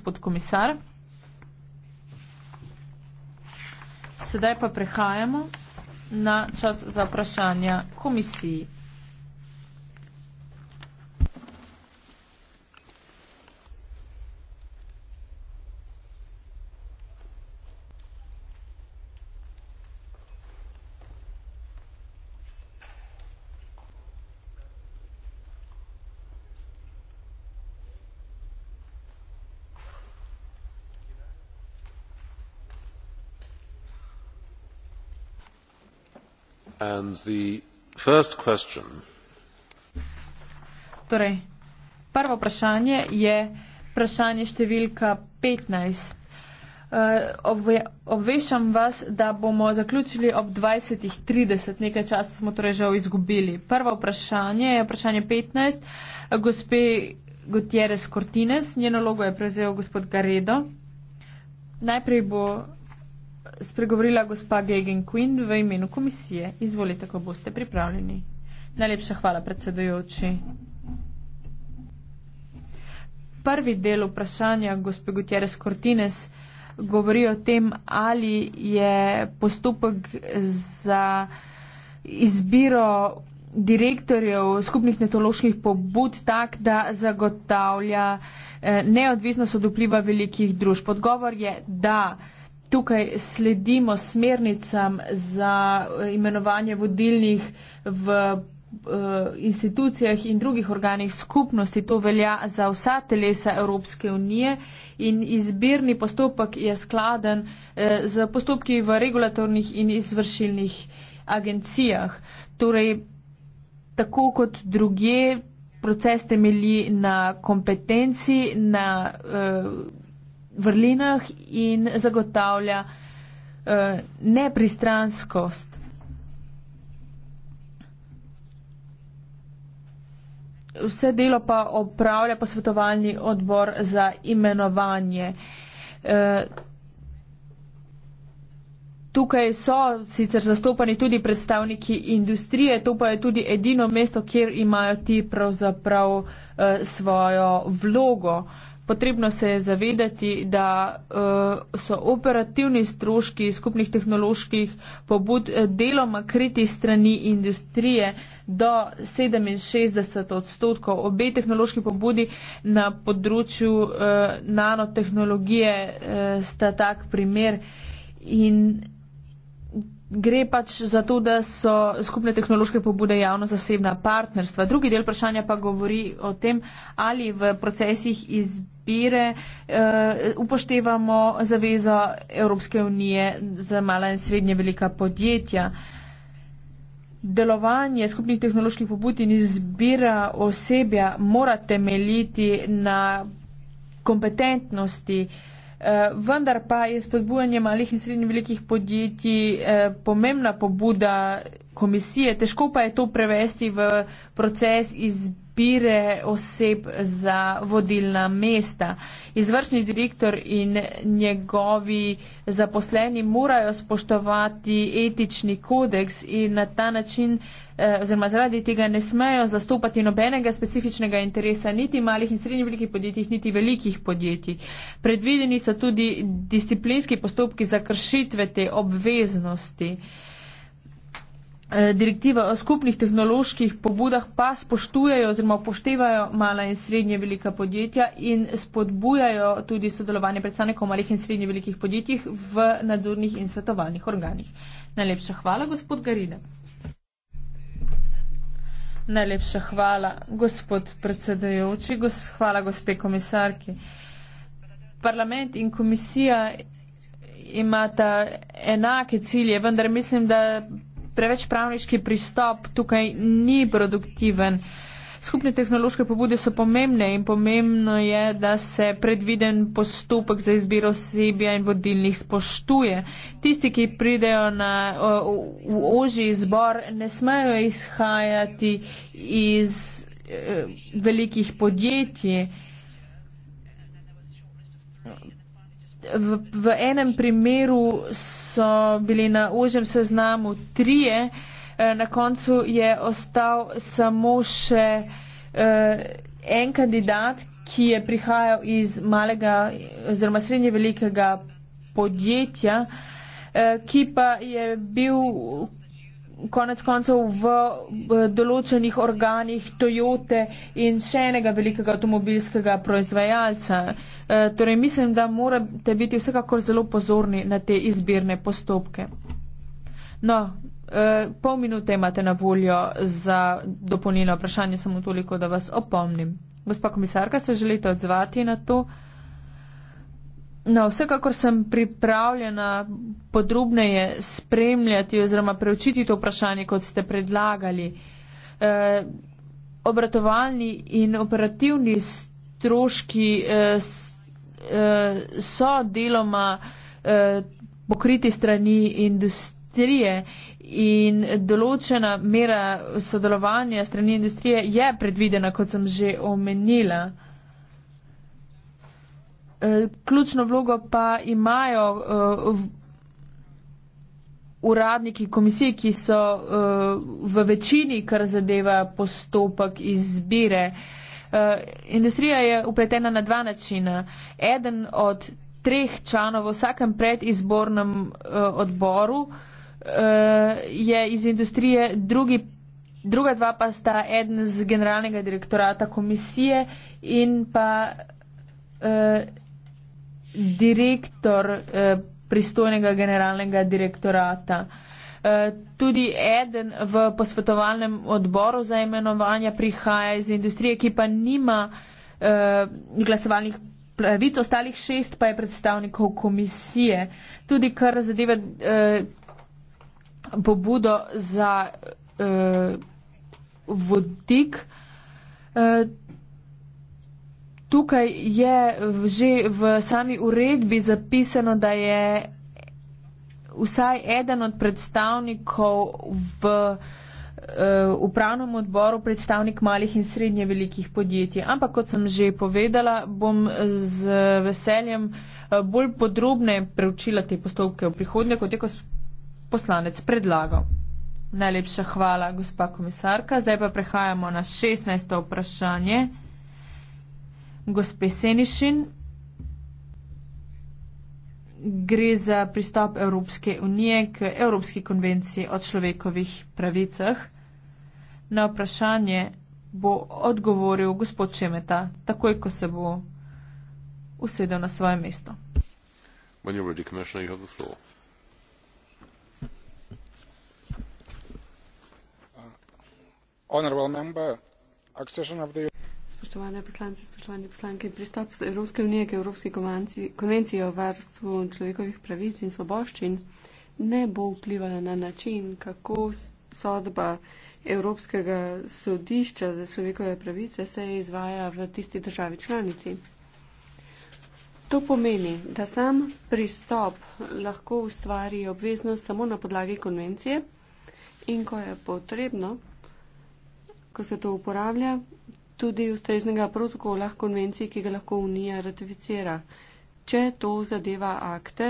gospod komisar. Sedaj pa prehajamo na čas za vprašanja komisiji. Torej, prvo vprašanje je vprašanje številka 15. Eh, Obvešam vas, da bomo zaključili ob 20.30, nekaj časa smo torej že izgubili. Prvo vprašanje je vprašanje 15. Gospe Gutierrez Cortines, njeno logo je prevzel gospod Garedo. Najprej bo spregovorila gospa Gagan Quinn v imenu komisije. Izvolite, ko boste pripravljeni. Najlepša hvala, predsedujoči. Prvi del vprašanja gospe Gutierrez Cortines govori o tem, ali je postopek za izbiro direktorjev skupnih netoloških pobud tak, da zagotavlja eh, neodvisnost od vpliva velikih družb. Odgovor je da tukaj sledimo smernicam za eh, imenovanje vodilnih v eh, institucijah in drugih organih skupnosti. To velja za vsa telesa Evropske unije in izbirni postopek je skladen eh, z postopki v regulatornih in izvršilnih agencijah. Torej, tako kot druge, proces temelji na kompetenci, na vrlinah in zagotavlja eh, nepristranskost. Vse delo pa opravlja posvetovalni odbor za imenovanje. E, tukaj so sicer zastopani tudi predstavniki industrije, to pa je tudi edino mesto, kjer imajo ti pravzaprav e, svojo vlogo. E, Potrebno se je zavedati, da uh, so operativni stroški skupnih tehnoloških pobud eh, deloma kriti strani industrije do 67 odstotkov. Obe tehnološki pobudi na področju uh, nanotehnologije uh, sta tak primer. In gre pač za to, da so skupne tehnološke pobude javno-zasebna partnerstva. Drugi del vprašanja pa govori o tem, ali v procesih izbire uh, upoštevamo zavezo Evropske unije za mala in srednje velika podjetja. Delovanje skupnih tehnoloških pobud in izbira osebja mora temeljiti na kompetentnosti uh, Eh, vendar pa je spodbujanje malih in srednjih velikih podjetij eh, pomembna pobuda komisije. Težko pa je to prevesti v proces izbiranja izbire oseb za vodilna mesta. Izvršni direktor in njegovi zaposleni morajo spoštovati etični kodeks in na ta način eh, oziroma zaradi tega ne smejo zastopati nobenega specifičnega interesa niti malih in srednjih velikih podjetij, niti velikih podjetij. Predvideni so tudi disciplinski postopki za kršitve te obveznosti. Uh, Eh, direktiva o skupnih tehnoloških pobudah pa spoštujejo oziroma upoštevajo mala in srednje velika podjetja in spodbujajo tudi sodelovanje predstavnikov malih in srednje velikih podjetij v nadzornih in svetovalnih organih. Najlepša hvala, gospod Garine. Najlepša hvala, gospod predsedajoči, hvala, gospe komisarki. Parlament in komisija imata enake cilje, vendar mislim, da preveč pravniški pristop tukaj ni produktiven. Skupne tehnološke pobude so pomembne in pomembno je, da se predviden postopek za izbiro osebja in vodilnih spoštuje. Tisti, ki pridejo na o, o, oži izbor, ne smejo izhajati iz o, eh, velikih podjetij. v, v enem primeru so bili na ožem seznamu trije, eh, na koncu je ostal samo še eh, en kandidat, ki je prihajal iz malega oziroma srednje velikega podjetja, eh, ki pa je bil konec koncev v eh, določenih organih Toyote in še enega velikega avtomobilskega proizvajalca. Eh, torej mislim, da morate biti vsekakor zelo pozorni na te izbirne postopke. No, eh, pol minute imate na voljo za dopolnilno vprašanje, samo toliko, da vas opomnim. Gospa komisarka, se želite odzvati na to? Uh, No, vsekakor sem pripravljena podrobneje spremljati oziroma preučiti to vprašanje, kot ste predlagali. E, obratovalni in operativni stroški e, s, e, so deloma e, pokriti strani industrije in določena mera sodelovanja strani industrije je predvidena, kot sem že omenila. Eh, ključno vlogo pa imajo eh, uradniki komisije, ki so eh, v večini, kar zadeva postopek izbire. Industrija je upletena na dva načina. Eden od treh članov v vsakem predizbornem odboru je iz industrije, drugi, druga dva pa sta eden z generalnega direktorata komisije in pa direktor eh, pristojnega generalnega direktorata. Eh, tudi eden v posvetovalnem odboru za imenovanja prihaja iz industrije, ki pa nima eh, glasovalnih pravic, ostalih šest pa je predstavnikov komisije. Tudi kar zadeva pobudo za vodik tukaj je že v sami uredbi zapisano, da je vsaj eden od predstavnikov v eh, upravnem odboru predstavnik malih in srednje velikih podjetij. Ampak, kot sem že povedala, bom z veseljem eh, bolj podrobne preučila te postopke v prihodnje, kot je kot poslanec predlagal. Najlepša hvala, gospa komisarka. Zdaj pa prehajamo na 16. vprašanje gospe Senišin. Gre za pristop Evropske unije k Evropski konvenciji o človekovih pravicah. Na vprašanje bo odgovoril gospod Šemeta, takoj, ko se bo usedel na svoje mesto. Uh, honorable member, accession of the spoštovane poslance, spoštovane poslanke, pristop Evropske unije k Evropski konvenciji o varstvu človekovih pravic in svoboščin ne bo vplivala na način, kako sodba Evropskega sodišča za človekove pravice se izvaja v tisti državi članici. To pomeni, da sam pristop lahko ustvari obveznost samo na podlagi konvencije in ko je potrebno, ko se to uporablja, tudi ustreznega protokola h konvenciji, ki ga lahko Unija ratificira, če to zadeva akte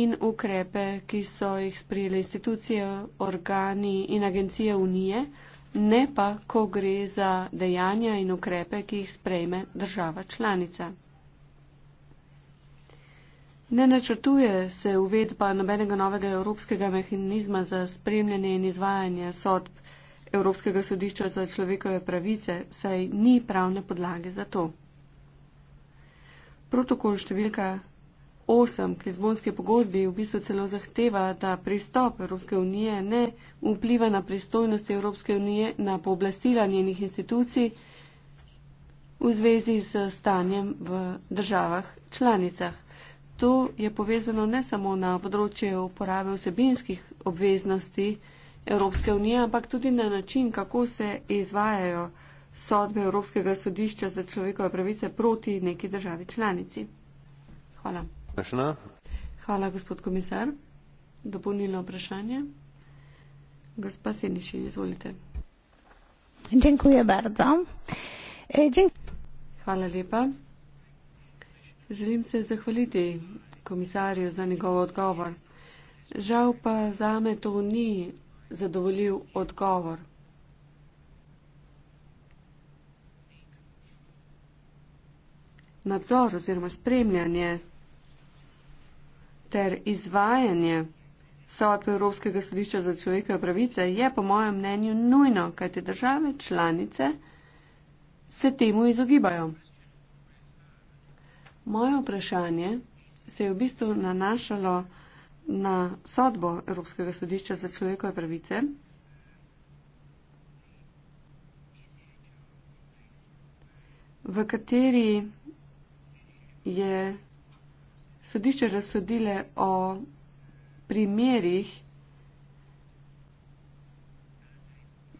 in ukrepe, ki so jih sprijeli institucije, organi in agencije Unije, ne pa, ko gre za dejanja in ukrepe, ki jih sprejme država članica. Ne načrtuje se uvedba nobenega novega evropskega mehanizma za spremljanje in izvajanje sodb. Evropskega sodišča za človekove pravice, saj ni pravne podlage za to. Protokol številka 8 k Lizbonski pogodbi v bistvu celo zahteva, da pristop Evropske unije ne vpliva na pristojnosti Evropske unije, na pooblastila njenih institucij v zvezi s stanjem v državah članicah. To je povezano ne samo na področju uporabe vsebinskih obveznosti, Evropske unije, ampak tudi na način, kako se izvajajo sodbe Evropskega sodišča za človekove pravice proti neki državi članici. Hvala. Vprašanje. Hvala, gospod komisar. Dopolnilno vprašanje. Gospa Seniši, izvolite. Dziękuję bardzo. E, Hvala lepa. Želim se zahvaliti komisarju za njegov odgovor. Žal pa zame to ni zadovoljiv odgovor. Nadzor oziroma spremljanje ter izvajanje sodbe Evropskega sodišča za človekove pravice je po mojem mnenju nujno, kajte države članice se temu izogibajo. Moje vprašanje se je v bistvu nanašalo na na sodbo Evropskega sodišča za človekove pravice. v kateri je sodišče razsodile o primerih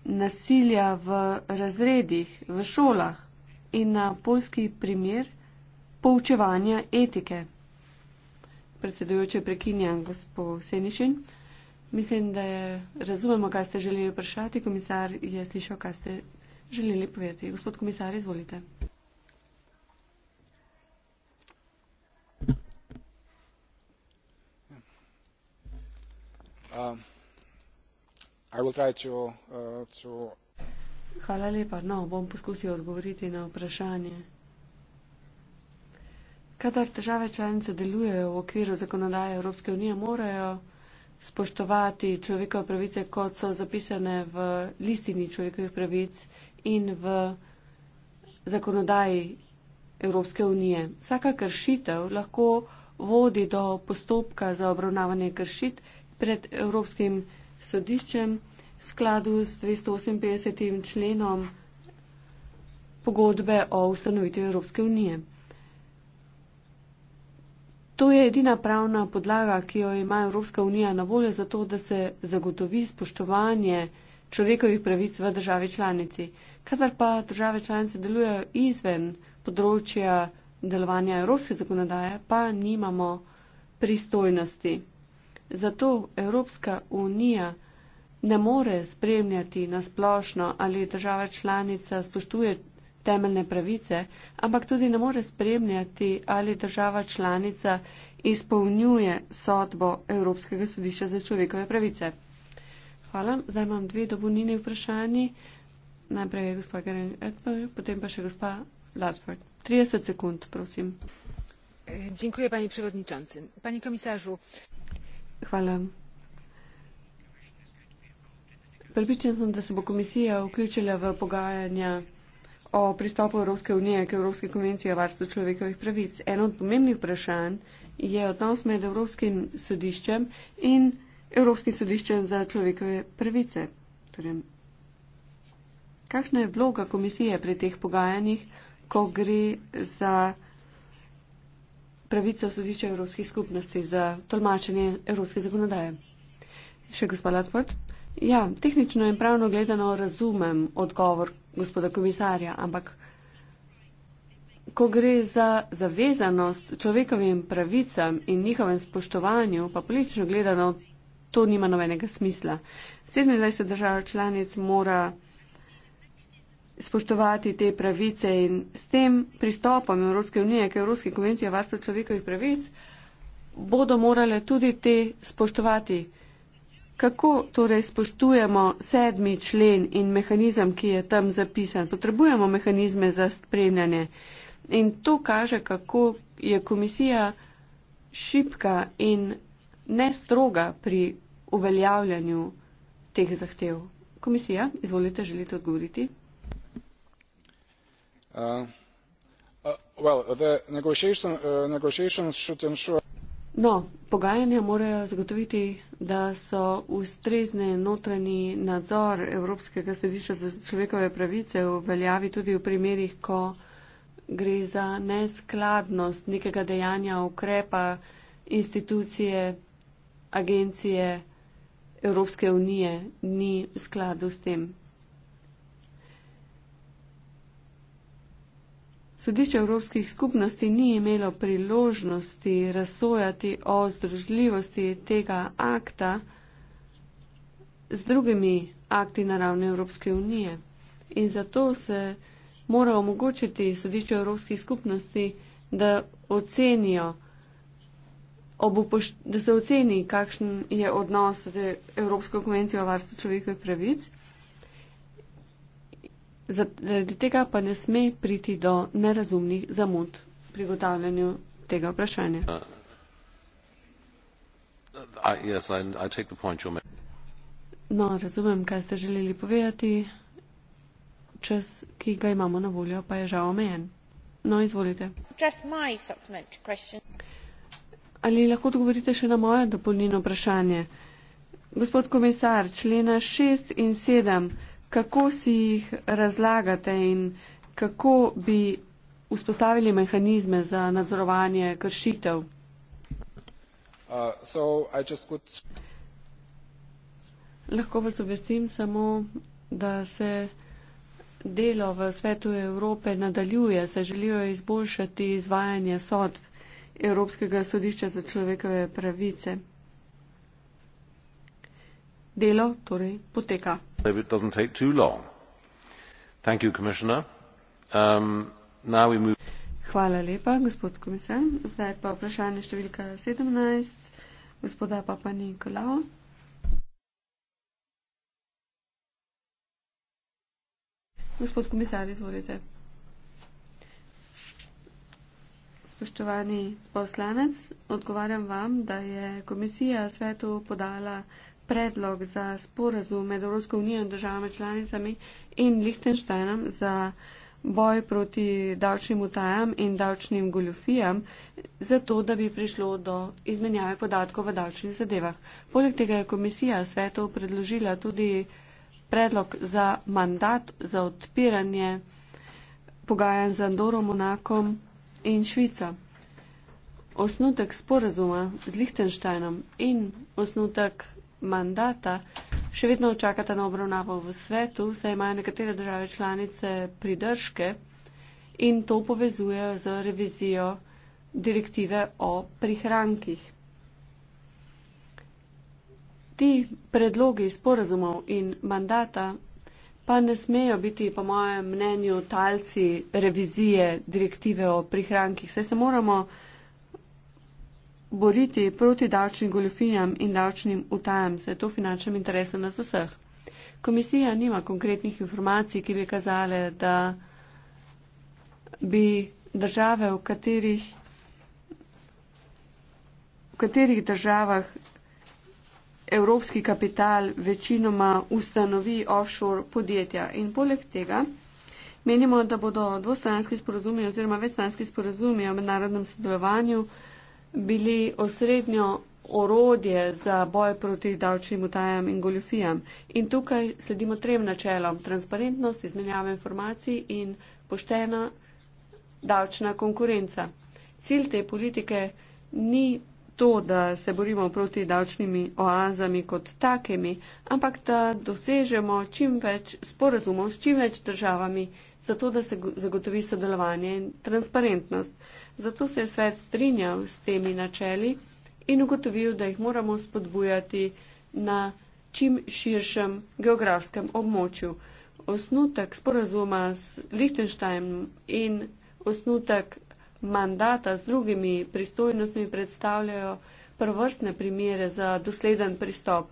nasilja v razredih, v šolah in na polski primer poučevanja etike predsedujoče prekinjam gospo Senišin. Mislim, da je, razumemo, kaj ste želeli vprašati. Komisar je slišal, kaj ste želeli povedati. Gospod komisar, izvolite. Uh, to, uh, to... Hvala lepa. No, bom poskusil odgovoriti na vprašanje. Kadar države članice delujejo v okviru zakonodaje Evropske unije, morajo spoštovati človekove pravice, kot so zapisane v listini človekovih pravic in v zakonodaji Evropske unije. Vsaka kršitev lahko vodi do postopka za obravnavanje kršit pred Evropskim sodiščem v skladu z 258. členom pogodbe o ustanovitvi Evropske unije. To je edina pravna podlaga, ki jo ima Evropska unija na voljo za to, da se zagotovi spoštovanje človekovih pravic v državi članici. Kadar pa države članice delujejo izven področja delovanja evropske zakonodaje, pa nimamo pristojnosti. Zato Evropska unija ne more spremljati na splošno, ali država članica spoštuje temeljne pravice, ampak tudi ne more spremljati, ali država članica izpolnjuje sodbo Evropskega sodišča za človekove pravice. Hvala. Zdaj imam dve dobunini vprašanji. Najprej je gospa Karen Edberg, potem pa še gospa Ladford. 30 sekund, prosim. Dziękuję, panie przewodniczący. Panie komisarzu. Hvala. Prepričan sem, da se bo komisija vključila v pogajanja o pristopu Evropske unije k Evropski konvenciji o varstvu človekovih pravic. Eno od pomembnih vprašanj je odnos med Evropskim sodiščem in Evropskim sodiščem za človekove pravice. Torej, kakšna je vloga komisije pri teh pogajanjih, ko gre za pravico sodišča Evropskih skupnosti za tolmačenje evropske zakonodaje? Še gospod Latford? Ja, tehnično in pravno gledano razumem odgovor gospoda komisarja, ampak ko gre za zavezanost človekovim pravicam in njihovem spoštovanju, pa politično gledano, to nima nobenega smisla. 27 držav članic mora spoštovati te pravice in s tem pristopom Evropske unije k Evropski konvenciji o varstvu človekovih pravic bodo morale tudi te spoštovati. Kako torej spoštujemo sedmi člen in mehanizem, ki je tam zapisan? Potrebujemo mehanizme za spremljanje. In to kaže, kako je komisija šipka in nestroga pri uveljavljanju teh zahtev. Komisija, izvolite, želite odgovoriti? Uh, uh, well, uh, No, pogajanja morajo zagotoviti, da so ustrezne notranji nadzor Evropskega središča za človekove pravice v veljavi tudi v primerih, ko gre za neskladnost nekega dejanja, ukrepa, institucije, agencije Evropske unije ni v skladu s tem. Sodišče evropskih skupnosti ni imelo priložnosti razsojati o združljivosti tega akta z drugimi akti na ravni Evropske unije. In zato se mora omogočiti sodišče evropskih skupnosti, da, ocenijo, da se oceni, kakšen je odnos z Evropsko konvencijo o varstvu človekovih pravic zaradi tega pa ne sme priti do nerazumnih zamud pri gotavljanju tega vprašanja. Uh, no, razumem, kaj ste želeli povedati. Čas, ki ga imamo na voljo, pa je žal omejen. No, izvolite. Ali lahko odgovorite še na moje dopolnjeno vprašanje? Gospod komisar, člena 6 in 7 kako si jih razlagate in kako bi vzpostavili mehanizme za nadzorovanje kršitev? Uh, so, could... Lahko vas obvestim samo, da se delo v svetu Evrope nadaljuje, se želijo izboljšati izvajanje sodb Evropskega sodišča za človekove pravice. Delo torej poteka hope it does not take too long. Thank you, Commissioner. Um, now we move. Hvala lepa, gospod komisar. Zdaj pa vprašanje številka 17, gospoda Papa Nikolao. Gospod komisar, izvolite. Spoštovani poslanec, odgovarjam vam, da je komisija svetu podala predlog za sporazum med Evropsko unijo in državami članicami in Lichtensteinom za boj proti davčnim utajam in davčnim goljofijam, zato da bi prišlo do izmenjave podatkov v davčnih zadevah. Poleg tega je komisija svetov predložila tudi predlog za mandat za odpiranje pogajanj z Andorom, Monakom in Švico. Osnutek sporazuma z Lichtensteinom in osnutek mandata, še vedno čakata na obravnavo v svetu, saj imajo nekatere države članice pridržke in to povezujejo z revizijo direktive o prihrankih. Ti predlogi sporazumov in mandata pa ne smejo biti, po mojem mnenju, talci revizije direktive o prihrankih. Saj se moramo boriti proti davčnim goljofinjam in davčnim utajam, saj je to finančnem interesu nas vseh. Komisija nima konkretnih informacij, ki bi kazale, da bi države, v katerih, v katerih državah evropski kapital večinoma ustanovi offshore podjetja. In poleg tega menimo, da bodo dvostranski sporozumi oziroma večstranski sporozumi o mednarodnem sodelovanju bili osrednjo orodje za boj proti davčnim utajam in goljofijam. In tukaj sledimo trem načelom. Transparentnost, izmenjava informacij in poštena davčna konkurenca. Cilj te politike ni to, da se borimo proti davčnimi oazami kot takimi, ampak da dosežemo čim več sporazumov s čim več državami zato da se zagotovi sodelovanje in transparentnost. Zato se je svet strinjal s temi načeli in ugotovil, da jih moramo spodbujati na čim širšem geografskem območju. Osnutek sporazuma s Lichtensteinom in osnutek mandata z drugimi pristojnostmi predstavljajo prvrstne primere za dosleden pristop.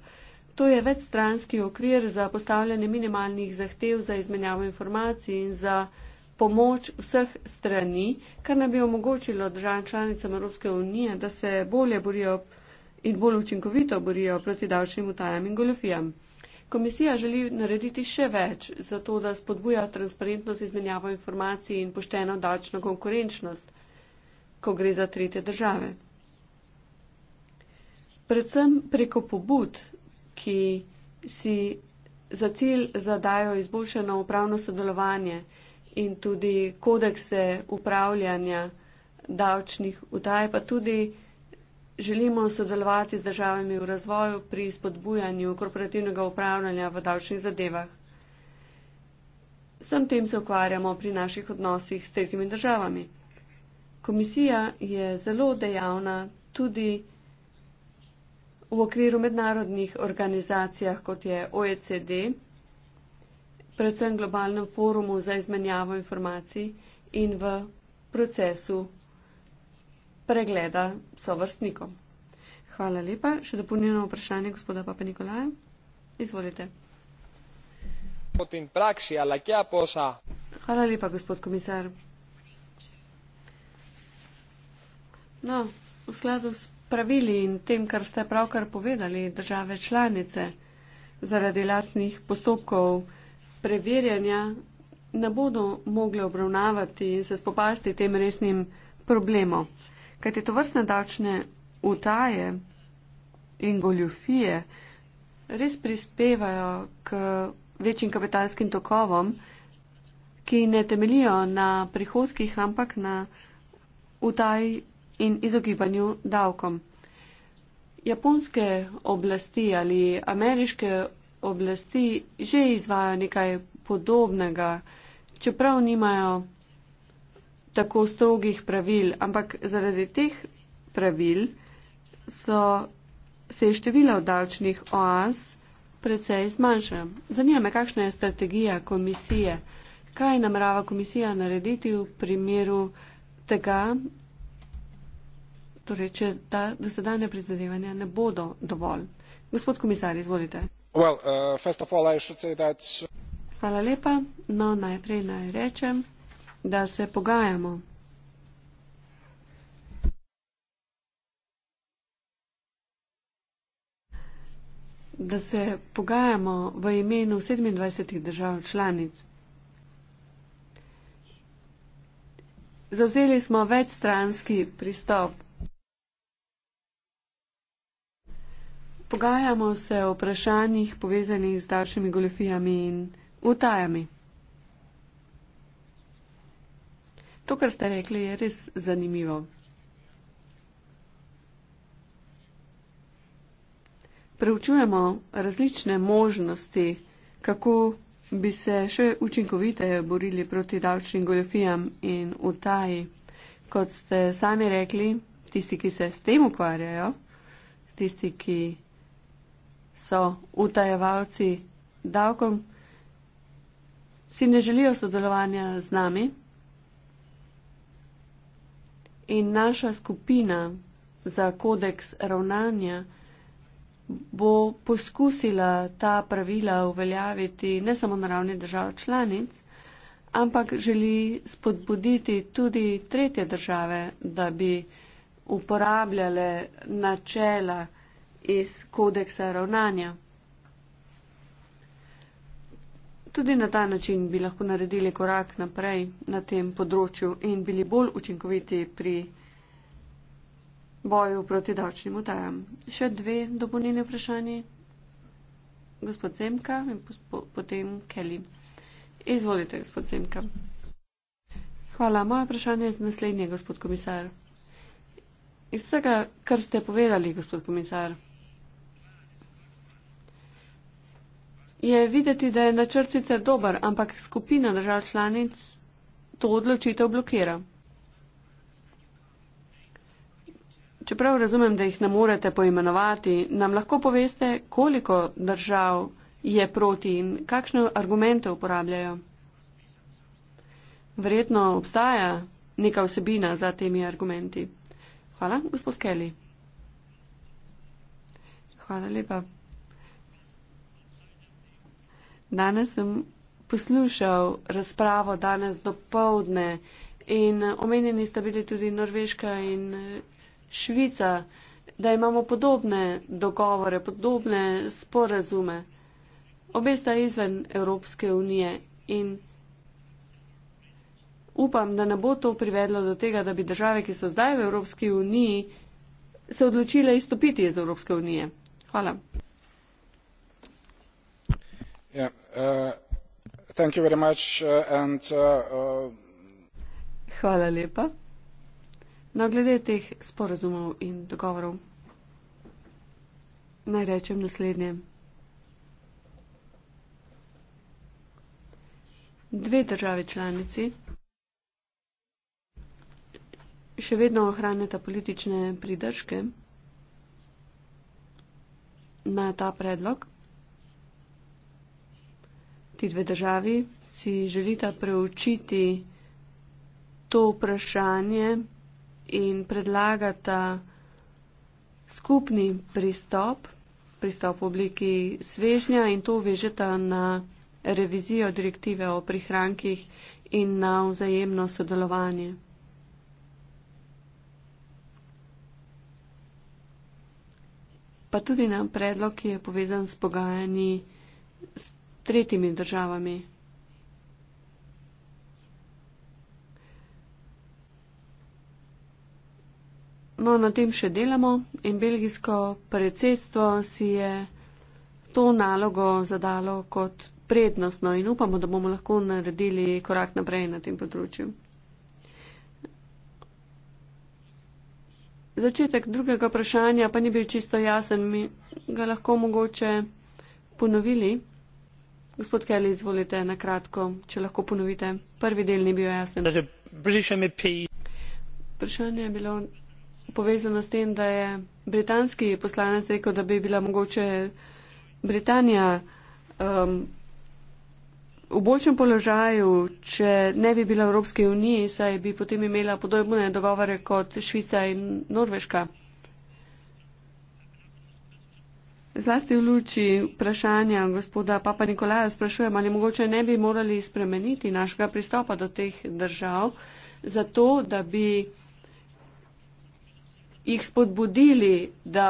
To je večstranski okvir za postavljanje minimalnih zahtev za izmenjavo informacij in za pomoč vseh strani, kar ne bi omogočilo državam članicam Evropske unije, da se bolje borijo in bolj učinkovito borijo proti davčnim utajam in goljofijam. Komisija želi narediti še več za to, da spodbuja transparentnost izmenjavo informacij in pošteno davčno konkurenčnost, ko gre za tretje države. Predvsem preko pobud ki si za cilj zadajo izboljšano upravno sodelovanje in tudi kodekse upravljanja davčnih utaj, pa tudi želimo sodelovati z državami v razvoju pri spodbujanju korporativnega upravljanja v davčnih zadevah. Vsem tem se ukvarjamo pri naših odnosih s tretjimi državami. Komisija je zelo dejavna tudi pri v okviru mednarodnih organizacijah, kot je OECD, predvsem globalnem forumu za izmenjavo informacij in v procesu pregleda sovrstnikom. Hvala lepa. Še dopolnjeno vprašanje gospoda Pape Nikolaja. Izvolite. Hvala lepa, gospod komisar. No, v skladu s pravili in tem, kar ste pravkar povedali, države članice zaradi lastnih postopkov preverjanja ne bodo mogli obravnavati in se spopasti tem resnim problemom. Kaj te to vrstne davčne utaje in goljufije res prispevajo k večjim kapitalskim tokovom, ki ne temelijo na prihodkih, ampak na utaji in izogibanju davkom. Japonske oblasti ali ameriške oblasti že izvajo nekaj podobnega, čeprav nimajo tako strogih pravil, ampak zaradi teh pravil so, se je število davčnih oaz precej zmanjšalo. Zanima me, kakšna je strategija komisije, kaj namerava komisija narediti v primeru tega, torej, če ta dosedanja prizadevanja ne bodo dovolj. Gospod komisar, izvolite. Well, uh, all, uh, Hvala lepa. No, najprej naj rečem, da se pogajamo. da se pogajamo v imenu 27 držav članic. Zavzeli smo večstranski pristop Pogajamo se o vprašanjih povezanih z davčnimi golefijami in utajami. To, kar ste rekli, je res zanimivo. Preučujemo različne možnosti, kako bi se še učinkoviteje borili proti davčnim goljofijam in utaji. Kot ste sami rekli, tisti, ki se s tem ukvarjajo, tisti, ki so utajevalci davkom, si ne želijo sodelovanja z nami. In naša skupina za kodeks ravnanja bo poskusila ta pravila uveljaviti ne samo na ravni držav članic, ampak želi spodbuditi tudi tretje države, da bi uporabljale načela, iz kodeksa ravnanja. Tudi na ta način bi lahko naredili korak naprej na tem področju in bili bolj učinkoviti pri boju proti davčnim utajam. Še dve dopolnjeni vprašanji. Gospod Zemka in potem Kelly. Izvolite, gospod Zemka. Hvala. Moje vprašanje je naslednje, gospod komisar. Iz vsega, kar ste povedali, gospod komisar, je videti, da je načrt sicer dober, ampak skupina držav članic to odločitev blokira. Čeprav razumem, da jih ne morete poimenovati, nam lahko poveste, koliko držav je proti in kakšne argumente uporabljajo. Verjetno obstaja neka vsebina za temi argumenti. Hvala, gospod Kelly. Hvala lepa. Danes sem poslušal razpravo danes do povdne in omenjeni sta bili tudi Norveška in eh, Švica, da imamo podobne dogovore, podobne sporazume. Obe sta izven Evropske unije in upam, da ne bo to privedlo do tega, da bi države, ki so zdaj v Evropski uniji, se odločile izstopiti iz Evropske unije. Hvala. Uh, thank you very much uh, and, uh, uh, Hvala lepa. No, glede teh sporazumov in dogovorov, naj rečem naslednje. Dve države članici še vedno ohranjata politične pridržke na ta predlog ti dve državi si želita preučiti to vprašanje in predlagata skupni pristop, pristop v obliki svežnja in to vežeta na revizijo direktive o prihrankih in na vzajemno sodelovanje. Pa tudi na predlog, ki je povezan s pogajanji s tretjimi državami. No, na tem še delamo in belgijsko predsedstvo si je to nalogo zadalo kot prednostno in upamo, da bomo lahko naredili korak naprej na tem področju. Začetek drugega vprašanja pa ni bil čisto jasen, mi ga lahko mogoče ponovili. Gospod Kelly, izvolite na kratko, če lahko ponovite. Prvi del ni bil jasen. Torej, Vprašanje je bilo povezano s tem, da je britanski poslanec rekel, da bi bila mogoče Britanija um, v boljšem položaju, če ne bi bila v Evropski uniji, saj bi potem imela podobne dogovore kot Švica in Norveška. Zlasti v luči vprašanja gospoda Papa Nikolaja sprašujem, ali mogoče ne bi morali spremeniti našega pristopa do teh držav, zato da bi jih spodbudili, da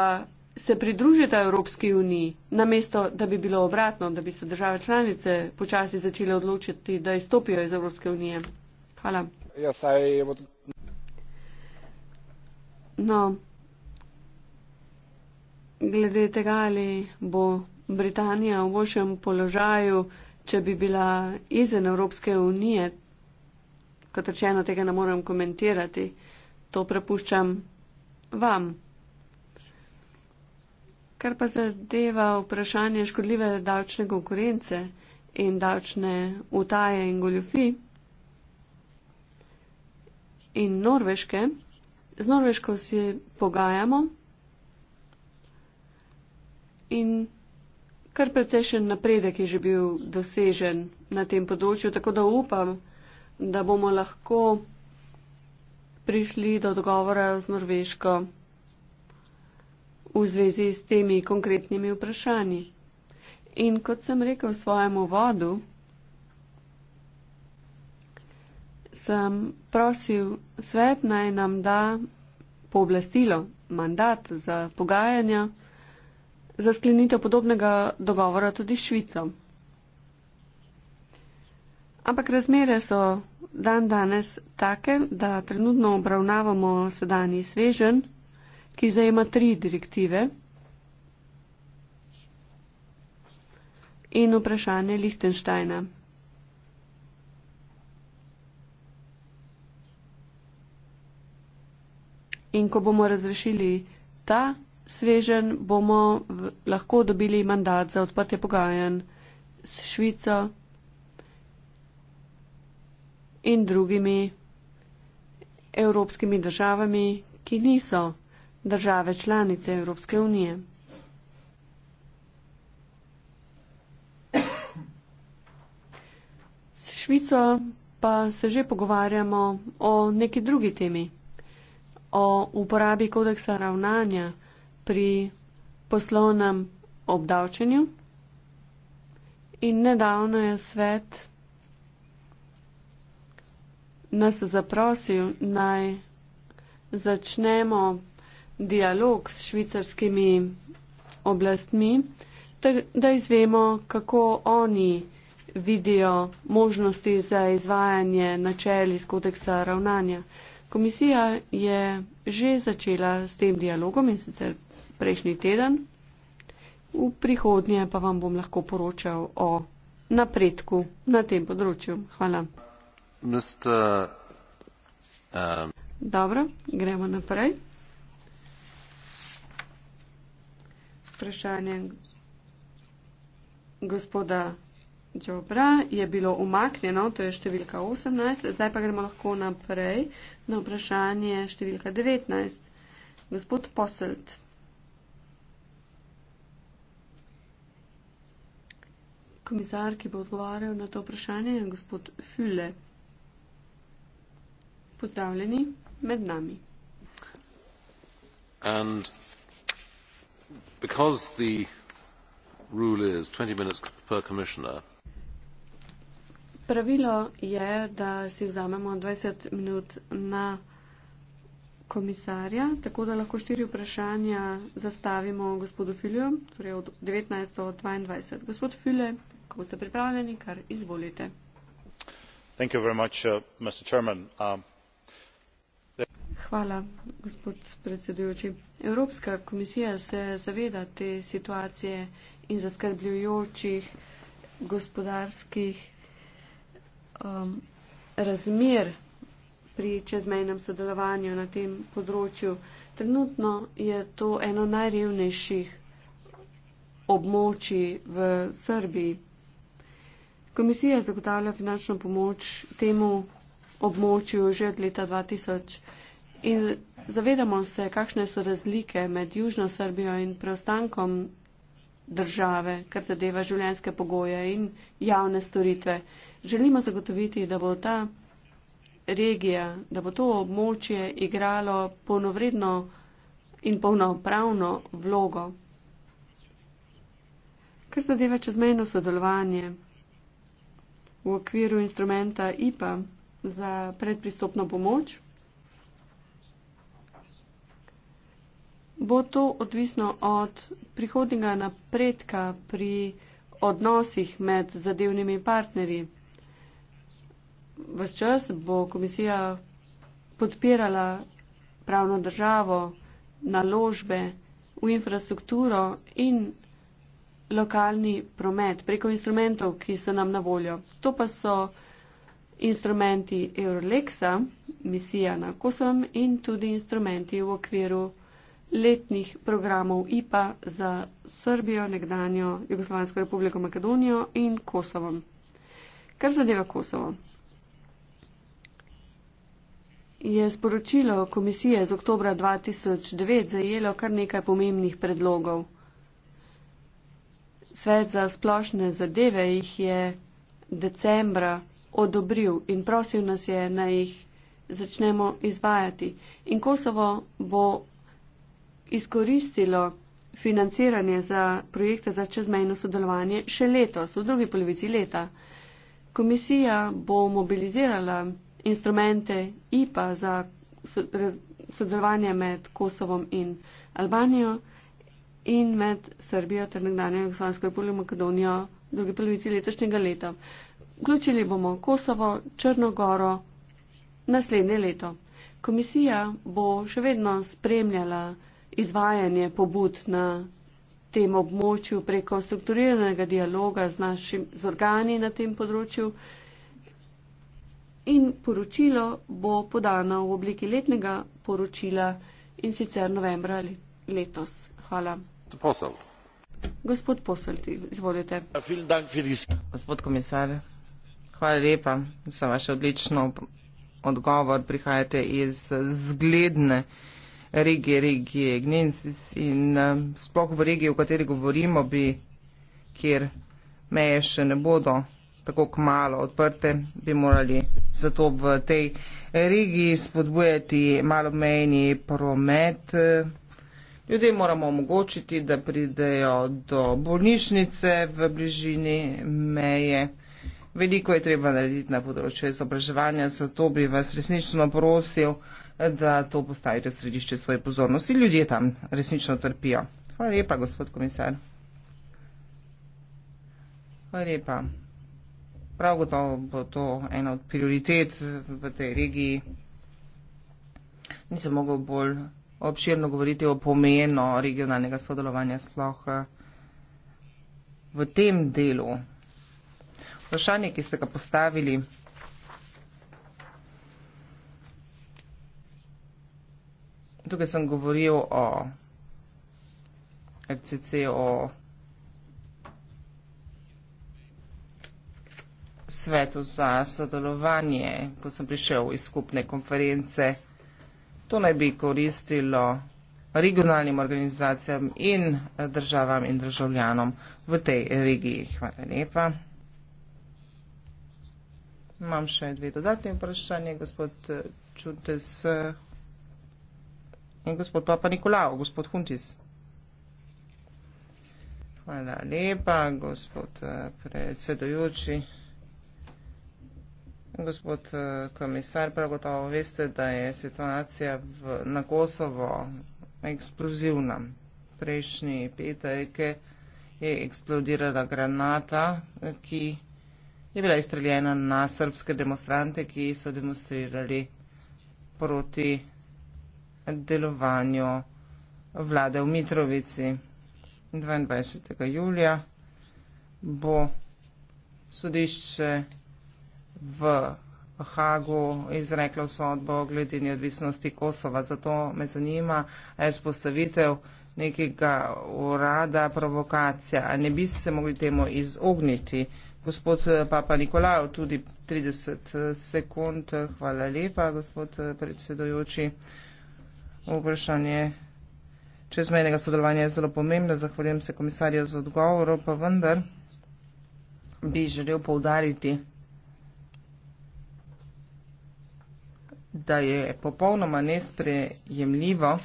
se pridružita Evropski uniji, namesto da bi bilo obratno, da bi se države članice počasi začele odločiti, da izstopijo iz Evropske unije. Hvala. Ja, no, glede tega, ali bo Britanija v boljšem položaju, če bi bila izven Evropske unije, kot rečeno, tega ne morem komentirati. To prepuščam vam. Kar pa zadeva vprašanje škodljive davčne konkurence in davčne utaje in goljofi in norveške, z norveško si pogajamo in kar precejšen napredek je že bil dosežen na tem področju, tako da upam, da bomo lahko prišli do dogovora z Norveško v zvezi s temi konkretnimi vprašanji. In kot sem rekel v svojem uvodu, sem prosil svet naj nam da pooblastilo, mandat za pogajanja za sklenitev podobnega dogovora tudi s Švico. Ampak razmere so dan danes take, da trenutno obravnavamo sedanji svežen, ki zajema tri direktive in vprašanje Lichtensteina. In ko bomo razrešili ta svežen bomo v, lahko dobili mandat za odprtje pogajanj s Švico in drugimi evropskimi državami, ki niso države članice Evropske unije. S Švico pa se že pogovarjamo o neki drugi temi, o uporabi kodeksa ravnanja, pri poslovnem obdavčenju. In nedavno je svet nas zaprosil, naj začnemo dialog s švicarskimi oblastmi, da izvemo, kako oni vidijo možnosti za izvajanje načeli skodeksa ravnanja. Komisija je že začela s tem dialogom in sicer prejšnji teden. V prihodnje pa vam bom lahko poročal o napredku na tem področju. Hvala. Mr. Um. Dobro, gremo naprej. Vprašanje gospoda Dobro, je bilo umaknjeno, to je številka 18, zdaj pa gremo lahko naprej na vprašanje številka 19. Gospod Poselt. Komisar, ki bo odgovarjal na to vprašanje, je gospod Füle. Pozdravljeni med nami. In ker je pravilo 20 minut per komisar, Pravilo je, da si vzamemo 20 minut na komisarja, tako da lahko štiri vprašanja zastavimo gospodu Filju, torej od 19 do 22. Gospod File, ko boste pripravljeni, kar izvolite. Thank you very much, uh, Mr. Chairman. Uh, Hvala, gospod predsedujoči. Evropska komisija se zaveda te situacije in zaskrbljujočih gospodarskih um, razmer pri čezmejnem sodelovanju na tem področju. Trenutno je to eno najrevnejših območji v Srbiji. Komisija zagotavlja finančno pomoč temu območju že od leta 2000 in zavedamo se, kakšne so razlike med Južno Srbijo in preostankom države, kar zadeva življenske pogoje in javne storitve. Želimo zagotoviti, da bo ta regija, da bo to območje igralo polnovredno in polnopravno vlogo. Kar zadeva čezmejno sodelovanje v okviru instrumenta IPA za predpristopno pomoč. bo to odvisno od prihodnjega napredka pri odnosih med zadevnimi partnerji. Ves čas bo komisija podpirala pravno državo, naložbe v infrastrukturo in lokalni promet preko instrumentov, ki so nam na voljo. To pa so instrumenti Euroleksa, misija na Kosovem in tudi instrumenti v okviru letnih programov IPA za Srbijo, nekdanjo Jugoslovansko republiko Makedonijo in Kosovo. Kar zadeva Kosovo. Je sporočilo komisije z oktobra 2009 zajelo kar nekaj pomembnih predlogov. Svet za splošne zadeve jih je decembra odobril in prosil nas je, da jih začnemo izvajati. In Kosovo bo izkoristilo financiranje za projekte za čezmejno sodelovanje še letos, v drugi polovici leta. Komisija bo mobilizirala instrumente IPA za sodelovanje med Kosovom in Albanijo in med Srbijo ter nekdanjo Jugoslavijsko republiko Makedonijo v drugi polovici letošnjega leta. Vključili bomo Kosovo, Črnogoro naslednje leto. Komisija bo še vedno spremljala izvajanje pobud na tem območju preko strukturiranega dialoga z našim z organi na tem področju. In poročilo bo podano v obliki letnega poročila in sicer novembra letos. Hvala. Posolt. Gospod Poselt, izvolite. Ja, Gospod komisar, hvala lepa za vaš odlično odgovor. Prihajate iz zgledne regije, regije Gnensis in uh, sploh v regiji, o kateri govorimo, bi, kjer meje še ne bodo tako kmalo odprte, bi morali zato v tej regiji spodbujati malomejni promet. Ljudje moramo omogočiti, da pridejo do bolnišnice v bližini meje. Veliko je treba narediti na področju izobraževanja, zato bi vas resnično prosil, da to postavite v središče svoje pozornosti. Ljudje tam resnično trpijo. Hvala lepa, gospod komisar. Hvala lepa. Prav gotovo bo to ena od prioritet v tej regiji. Nisem mogel bolj obširno govoriti o pomenu regionalnega sodelovanja sploh eh, v tem delu. Vprašanje, ki ste ga postavili. tukaj sem govoril o RCC, o svetu za sodelovanje, ko sem prišel iz skupne konference. To naj bi koristilo regionalnim organizacijam in državam in državljanom v tej regiji. Hvala lepa. Imam še dve dodatne vprašanje, gospod Čutes in gospod Papa Nikolao, gospod Huntis. Hvala lepa, gospod eh, predsedujoči. Gospod eh, komisar, prav gotovo veste, da je situacija v, na Kosovo eksplozivna. Prejšnji petek je eksplodirala granata, ki je bila izstreljena na srpske demonstrante, ki so demonstrirali proti delovanju vlade v Mitrovici. 22. julija bo sodišče v Hagu izreklo sodbo glede neodvisnosti Kosova. Zato me zanima, a je spostavitev nekega urada provokacija, a ne bi se mogli temu izogniti. Gospod Papa Nikolaj, tudi 30 sekund. Hvala lepa, gospod predsedujoči vprašanje čezmejnega sodelovanja je zelo pomembno. Zahvaljujem se komisarju za odgovor, pa vendar bi želel poudariti, da je popolnoma nesprejemljivo,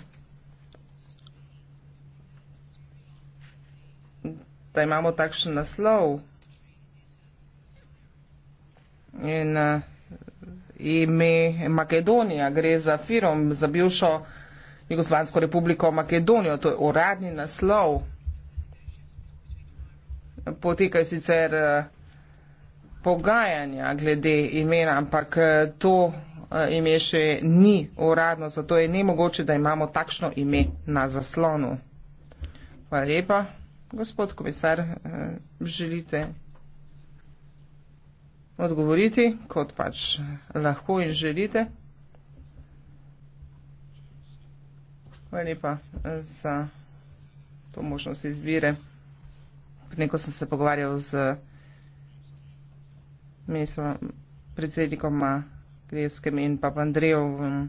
da imamo takšen naslov in uh, ime Makedonija, gre za firom, za bivšo Jugoslavijsko republiko Makedonijo, to je uradni naslov. Potekajo sicer eh, pogajanja glede imena, ampak eh, to eh, ime še ni uradno, zato je nemogoče, da imamo takšno ime na zaslonu. Hvala lepa, gospod komisar, želite odgovoriti, kot pač lahko in želite. Hvala lepa eh, za to možnost izbire. Neko sem se pogovarjal z ministrom, predsednikom Grevskem in pa Andrejovom.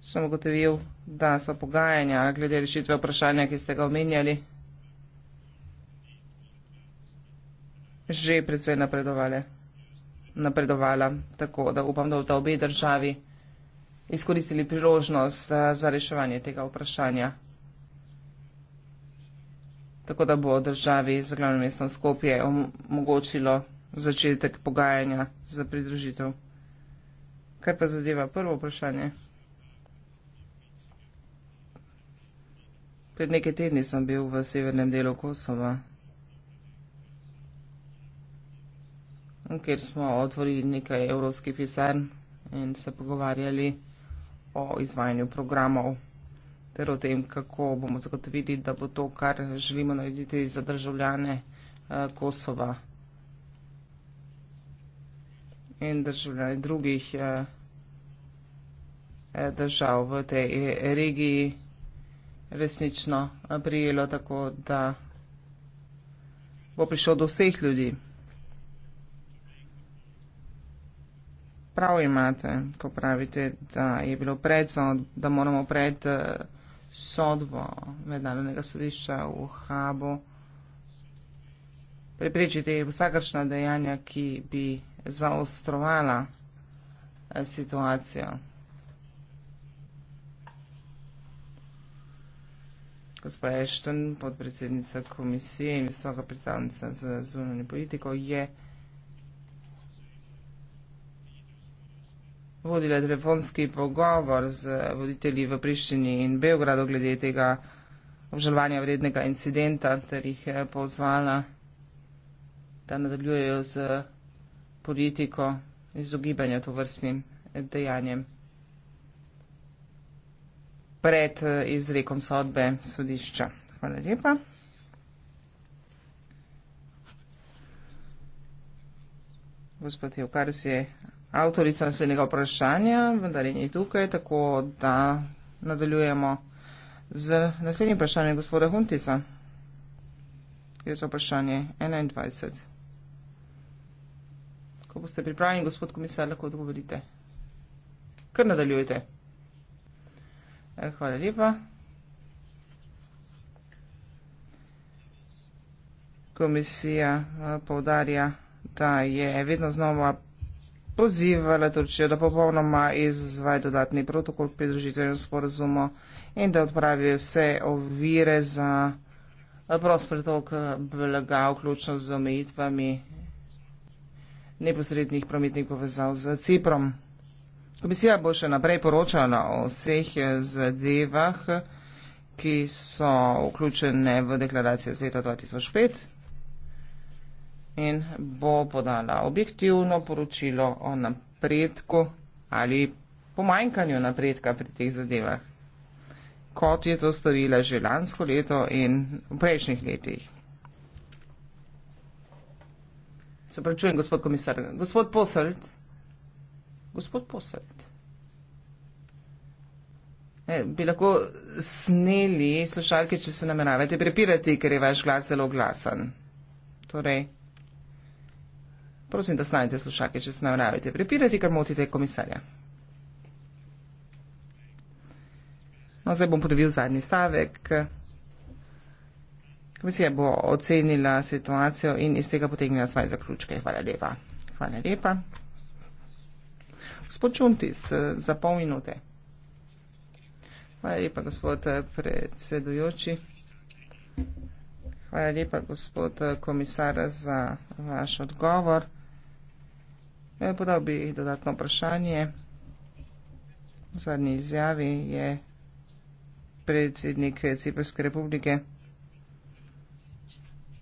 Sem ugotovil, da so pogajanja glede rešitve vprašanja, ki ste ga omenjali, že predvsej napredovala. Tako da upam, da v obi državi izkoristili priložnost eh, za reševanje tega vprašanja. Tako da bo državi za glavno mesto Skopje omogočilo začetek pogajanja za pridružitev. Kaj pa zadeva prvo vprašanje? Pred nekaj tedni sem bil v severnem delu Kosova, kjer smo otvorili nekaj evropskih pisarn in se pogovarjali o izvajanju programov ter o tem, kako bomo zagotovili, da bo to, kar želimo narediti za državljane eh, Kosova in državljane drugih eh, eh, držav v tej regiji resnično prijelo tako, da bo prišel do vseh ljudi. prav imate, ko pravite, da je bilo pred sodbo, da moramo pred eh, sodbo mednarodnega sodišča v Habu preprečiti vsakršna dejanja, ki bi zaostrovala eh, situacijo. Gospa Ešten, podpredsednica komisije in visoka predstavnica za zunanje politiko, je vodila telefonski pogovor z voditelji v Prištini in Beogradu glede tega obžalovanja vrednega incidenta ter jih je pozvala, da nadaljujejo z politiko izogibanja to vrstnim dejanjem. Pred eh, izrekom sodbe sodišča. Hvala lepa. Gospod Jokar se je avtorica naslednjega vprašanja, vendar je ni tukaj, tako da nadaljujemo z naslednjim vprašanjem gospoda Huntisa. Gre za vprašanje 21. Ko boste pripravljeni, gospod komisar, lahko odgovorite. Kar nadaljujete. Eh, hvala lepa. Komisija eh, povdarja, da je vedno znova pozivala Turčijo, da popolnoma izvaj dodatni protokol k pridružitvenem sporazumu in da odpravi vse ovire za prost pretok blaga, vključno z omejitvami neposrednih prometnih povezav z Ciprom. Komisija bo še naprej poročala o vseh zadevah, ki so vključene v deklaracijo z leta 2005 in bo podala objektivno poročilo o napredku ali pomanjkanju napredka pri teh zadevah, kot je to storila že lansko leto in v prejšnjih letih. Se pravčujem, gospod komisar. Gospod Poselt. Gospod Poselt. E, bi lahko sneli slušalke, če se nameravate prepirati, ker je vaš glas zelo glasen. Torej, Prosim, da snajte slušalke, če se namravite prepirati, ker motite komisarja. No, zdaj bom ponovil zadnji stavek. Komisija bo ocenila situacijo in iz tega potegnila svoje zaključke. Hvala lepa. Hvala lepa. Gospod Čuntis, za pol minute. Hvala lepa, gospod predsedujoči. Hvala lepa, gospod komisar, za vaš odgovor. E, podal bi dodatno vprašanje. V zadnji izjavi je predsednik Ciperske republike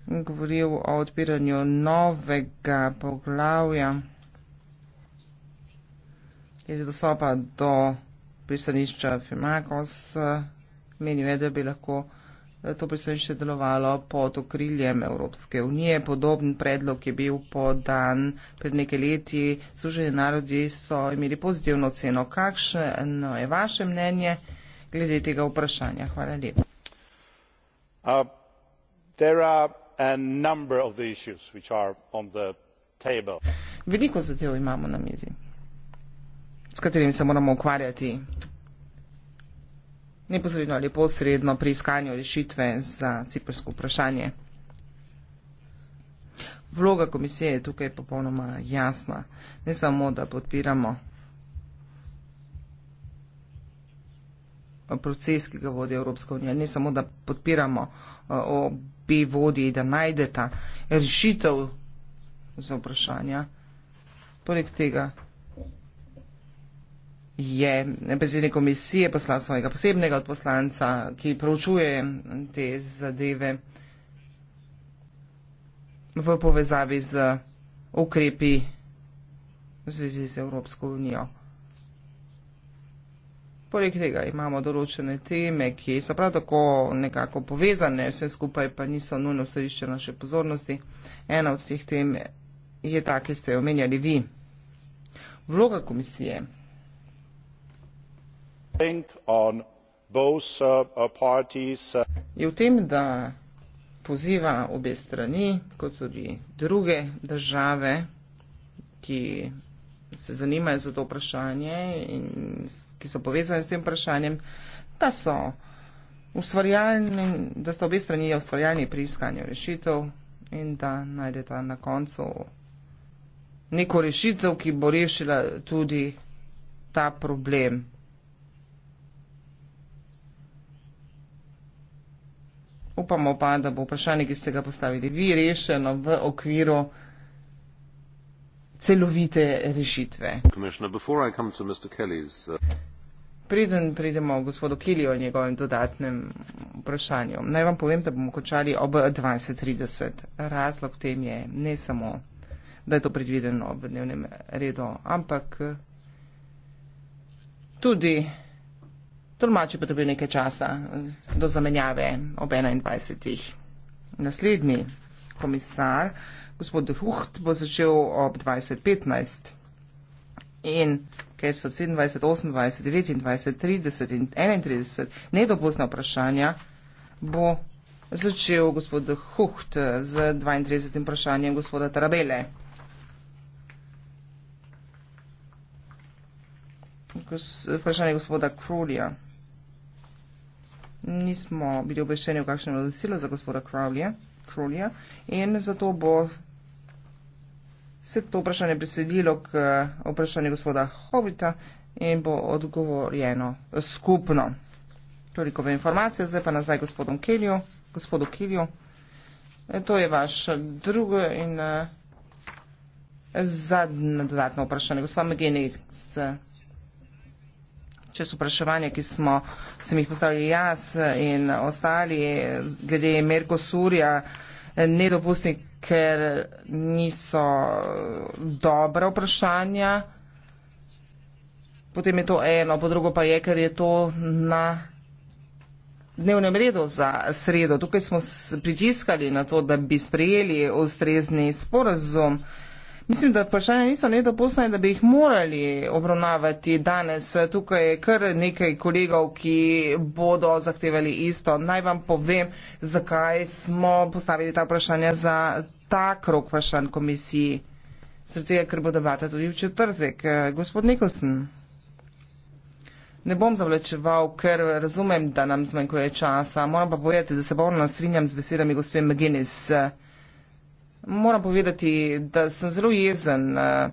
govoril o odpiranju novega poglavja iz dostopa do pristanišča Fimakos. Menil je, da bi lahko Eh, to bi se še delovalo pod okriljem Evropske unije. Podoben predlog je bil podan pred nekaj leti. Združeni narodi so imeli pozitivno ceno. Kakšno je vaše mnenje glede tega vprašanja? Hvala lepa. Uh, Veliko zadev imamo na mizi, s katerimi se moramo ukvarjati neposredno ali posredno pri iskanju rešitve za ciprsko vprašanje. Vloga komisije je tukaj popolnoma jasna. Ne samo, da podpiramo proces, ki ga vodi Evropska unija, ne samo, da podpiramo eh, obi vodi, da najdeta rešitev za vprašanja. Poleg tega je predsednik komisije poslal svojega posebnega odposlanca, ki proučuje te zadeve v povezavi z ukrepi v zvezi z Evropsko unijo. Poleg tega imamo določene teme, ki so prav tako nekako povezane, vse skupaj pa niso nujno v središče naše pozornosti. Ena od teh tem je ta, ki ste jo omenjali vi. Vloga komisije Uh, uh, uh, je v tem, da poziva obe strani, kot tudi druge države, ki se zanimajo za to vprašanje in ki so povezane s tem vprašanjem, da so ustvarjalni, da sta obe strani ustvarjalni pri iskanju rešitev in da najdeta na koncu neko rešitev, ki bo rešila tudi ta problem. upamo pa, da bo vprašanje, ki ste ga postavili vi, rešeno v okviru celovite rešitve. Uh, Preden pridemo gospodu Kelijo in njegovim dodatnem vprašanju, naj vam povem, da bomo končali ob 20.30. Razlog tem je ne samo, da je to predvideno v dnevnem redu, ampak tudi Tolmači potrebuje nekaj časa do zamenjave ob 21. Naslednji komisar, gospod De Hucht, bo začel ob 2015. In ker so 27, 28, 29, 30 in 31 nedopustna vprašanja, bo začel gospod De Hucht z 32. vprašanjem gospoda Tarabele. Vprašanje gospoda Krulja nismo bili obveščeni o kakšnem odosilu za gospoda Crowleya, Crowleya in zato bo se to vprašanje presedilo k eh, vprašanju gospoda Hobita in bo odgovorjeno eh, skupno. Toliko v informacije, zdaj pa nazaj gospodom Kelju, gospodu Kelju. Eh, to je vaš drugo in uh, zadnje dodatno vprašanje. Gospod McGinnis, čez vprašanje, ki smo se mi postavili jaz in ostali, glede Merkosurja, nedopustni, ker niso dobra vprašanja. Potem je to eno, po drugo pa je, ker je to na dnevnem redu za sredo. Tukaj smo pritiskali na to, da bi sprejeli ustrezni sporazum. Mislim, da vprašanja niso nedopustna in da bi jih morali obravnavati danes. Tukaj je kar nekaj kolegov, ki bodo zahtevali isto. Naj vam povem, zakaj smo postavili ta vprašanja za ta krok vprašanj komisiji. Zaradi tega, ker bo debata tudi v četrtek. Gospod Nikolsen. Ne bom zavlačeval, ker razumem, da nam zmanjkuje časa. Moram pa povedati, da se bolj nastrinjam z besedami gospe McGinnis moram povedati, da sem zelo jezen eh,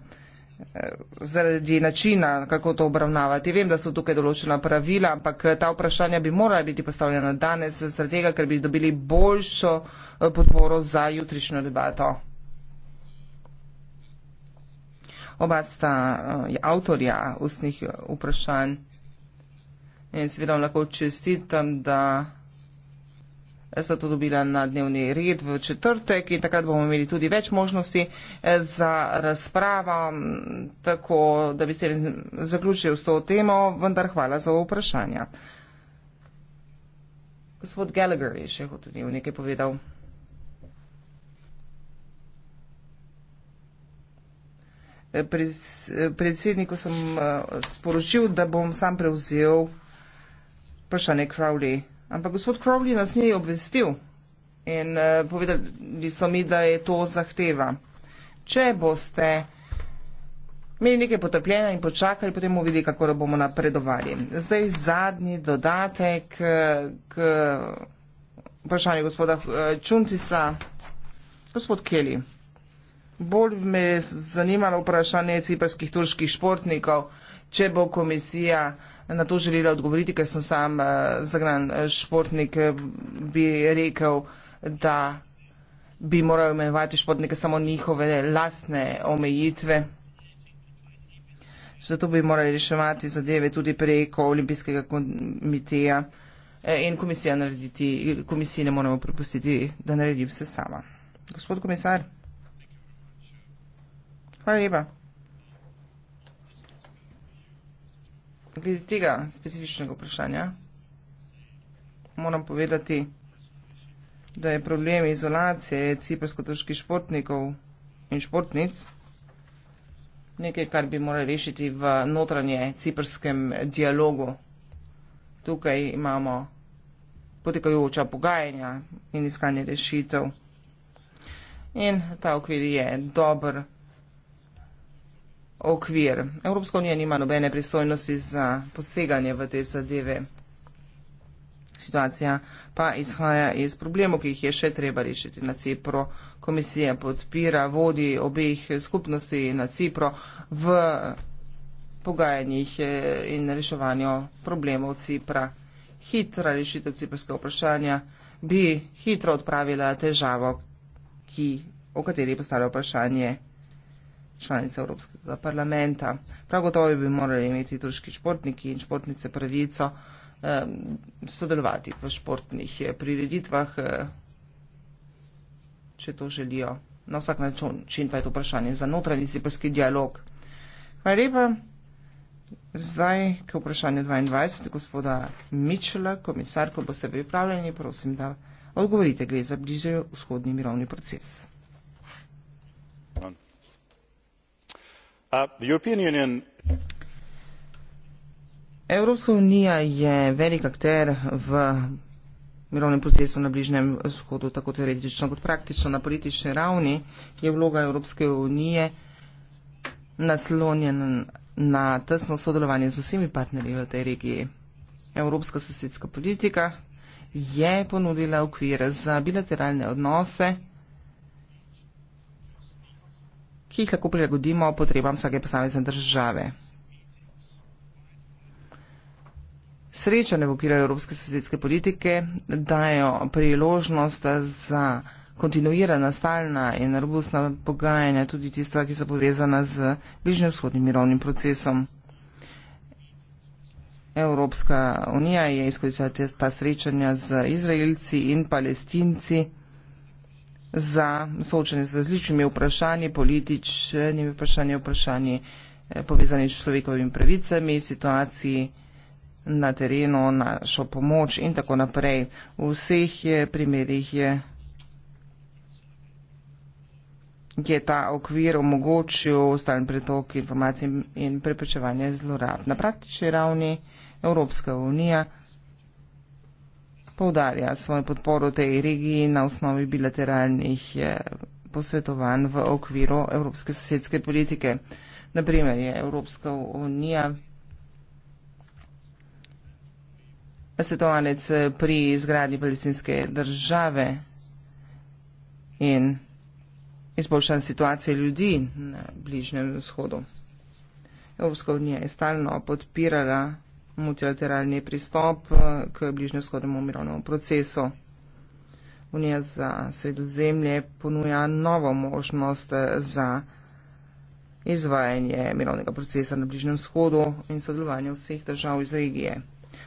eh, zaradi načina, kako to obravnavati. Vem, da so tukaj določena pravila, ampak eh, ta vprašanja bi morala biti postavljena danes, zaradi tega, ker bi dobili boljšo podporo za jutrišnjo debato. Oba sta avtorja ustnih vprašanj in seveda vam lahko čestitam, da so to dobila na dnevni red v četrtek in takrat bomo imeli tudi več možnosti eh, za razpravo, tako da bi s tem zaključil s to temo, vendar hvala za vprašanja. Gospod Gallagher je še tudi nekaj povedal. Eh, eh, predsedniku sem sporočil, da bom sam prevzel vprašanje Crowley. Ampak gospod Crowley nas ni obvestil in uh, povedali so mi, da je to zahteva. Če boste imeli nekaj potrpljenja in počakali, potem bomo videli, kako bomo napredovali. Zdaj zadnji dodatek eh, k vprašanju gospoda eh, Čuncisa. Gospod Kelly, bolj me zanimalo vprašanje ciprskih turških športnikov, če bo komisija na to želela odgovoriti, ker sem sam eh, zagran eh, športnik, eh, bi rekel, da bi morali omejevati športnike samo njihove lastne omejitve. Zato bi morali reševati zadeve tudi preko olimpijskega komiteja in komisija narediti, komisiji ne moremo prepustiti, da naredi vse sama. Gospod komisar, hvala lepa. glede tega specifičnega vprašanja moram povedati, da je problem izolacije ciprsko-turških športnikov in športnic nekaj, kar bi morali rešiti v notranje ciprskem dialogu. Tukaj imamo potekajoča pogajanja in iskanje rešitev. In ta okvir je dober okvir. Evropska unija nima nobene pristojnosti za poseganje v te zadeve. Situacija pa izhaja iz problemov, ki jih je še treba rešiti na Cipru. Komisija podpira vodi obeh skupnosti na Cipru v pogajanjih eh, in reševanju problemov Cipra. Hitra rešitev ciprskega vprašanja bi hitro odpravila težavo, ki, o kateri postavlja vprašanje članice Evropskega parlamenta. Prav gotovo bi morali imeti turški športniki in športnice pravico eh, sodelovati v športnih eh, prireditvah, eh, če to želijo. Na vsak način pa je to vprašanje za notranji sipski dialog. Hvala lepa. Zdaj k vprašanju 22. gospoda Mičela, komisar, ko boste pripravljeni, prosim, da odgovorite, gre za bližje vzhodni mirovni proces. Uh, Evropska unija je velik akter v mirovnem procesu na Bližnjem vzhodu, tako teoretično kot praktično. Na politični ravni je vloga Evropske unije naslonjena na tesno sodelovanje z vsemi partnerji v tej regiji. Evropska sosedska politika je ponudila okvir za bilateralne odnose ki jih lahko prilagodimo potrebam vsake posamezne države. Srečanje v okviru evropske sosedske politike dajo priložnost za kontinuirana, stalna in robustna pogajanja, tudi tistva, ki so povezana z bližnjevzhodnim mirovnim procesom. Evropska unija je izkoristila ta srečanja z izraelci in palestinci za soočanje z različnimi vprašanji, političnimi vprašanji, vprašanji eh, povezani s človekovimi pravicami, situaciji na terenu, našo pomoč in tako naprej. V vseh je, eh, primerih je, je ta okvir omogočil stalen pretok informacij in preprečevanje zlorab. Na praktični ravni Evropska unija poudarja svojo podporo tej regiji na osnovi bilateralnih eh, posvetovanj v okviru evropske sosedske politike. Naprimer je Evropska unija svetovalec pri izgradnji palestinske države in izboljšanj situacije ljudi na Bližnjem vzhodu. Evropska unija je stalno podpirala multilateralni pristop eh, k bližnjevzhodnemu mirovnemu procesu. Unija za sredozemlje ponuja novo možnost eh, za izvajanje mirovnega procesa na bližnjem vzhodu in sodelovanje vseh držav iz regije.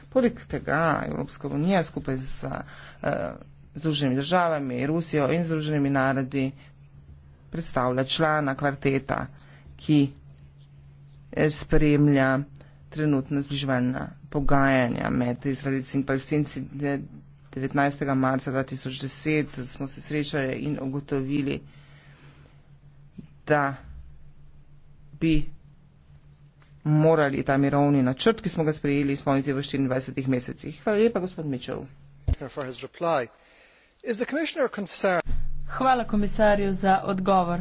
Poleg tega Evropska unija skupaj z eh, Združenimi državami, Rusijo in Združenimi narodi predstavlja člana kvarteta, ki eh, spremlja trenutna zbliževalna pogajanja med Izraelci in Palestinci. 19. marca 2010 smo se srečali in ugotovili, da bi morali ta mirovni načrt, ki smo ga sprejeli, izpolniti v 24 mesecih. Hvala lepa, gospod Mitchell. Hvala komisarju za odgovor.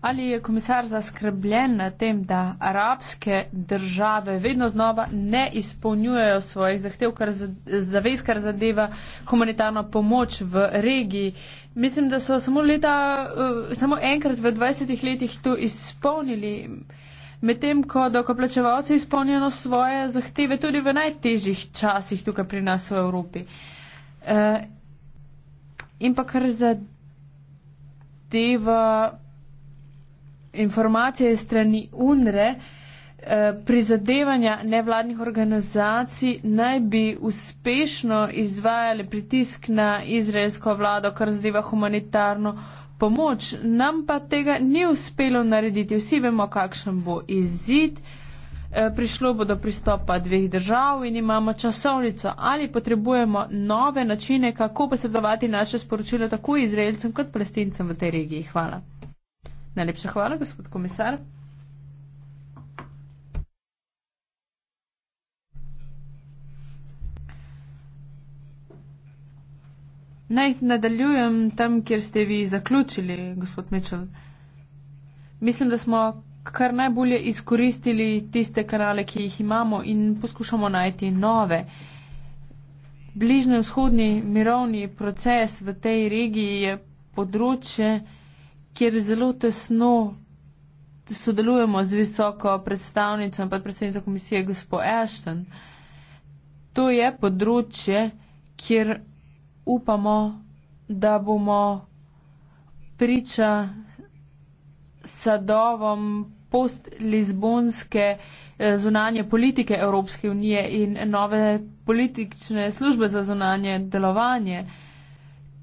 Ali je komisar zaskrbljen na tem, da arabske države vedno znova ne izpolnjujejo svojih zahtev, kar zavez, kar zadeva humanitarno pomoč v regiji? Mislim, da so samo, leta, eh, samo enkrat v 20 letih to izpolnili, medtem ko dokoplačevalci izpolnjeno svoje zahteve tudi v najtežjih časih tukaj pri nas v Evropi. Eh, in pa kar zadeva informacije strani UNRE, eh, prizadevanja nevladnih organizacij naj bi uspešno izvajali pritisk na izraelsko vlado, kar zadeva humanitarno pomoč. Nam pa tega ni uspelo narediti. Vsi vemo, kakšen bo izid. Eh, prišlo bo do pristopa dveh držav in imamo časovnico. Ali potrebujemo nove načine, kako posredovati naše sporočilo tako izraelcem kot palestincem v tej regiji? Hvala. Najlepša hvala, gospod komisar. Naj nadaljujem tam, kjer ste vi zaključili, gospod Mičel. Mislim, da smo kar najbolje izkoristili tiste kanale, ki jih imamo in poskušamo najti nove. Bližnjo vzhodni mirovni proces v tej regiji je področje, kjer zelo tesno sodelujemo z visoko predstavnico in predsednico komisije, gospo Ashton. To je področje, kjer upamo, da bomo priča sadovom post-lizbonske eh, zunanje politike Evropske unije in nove politične službe za zunanje delovanje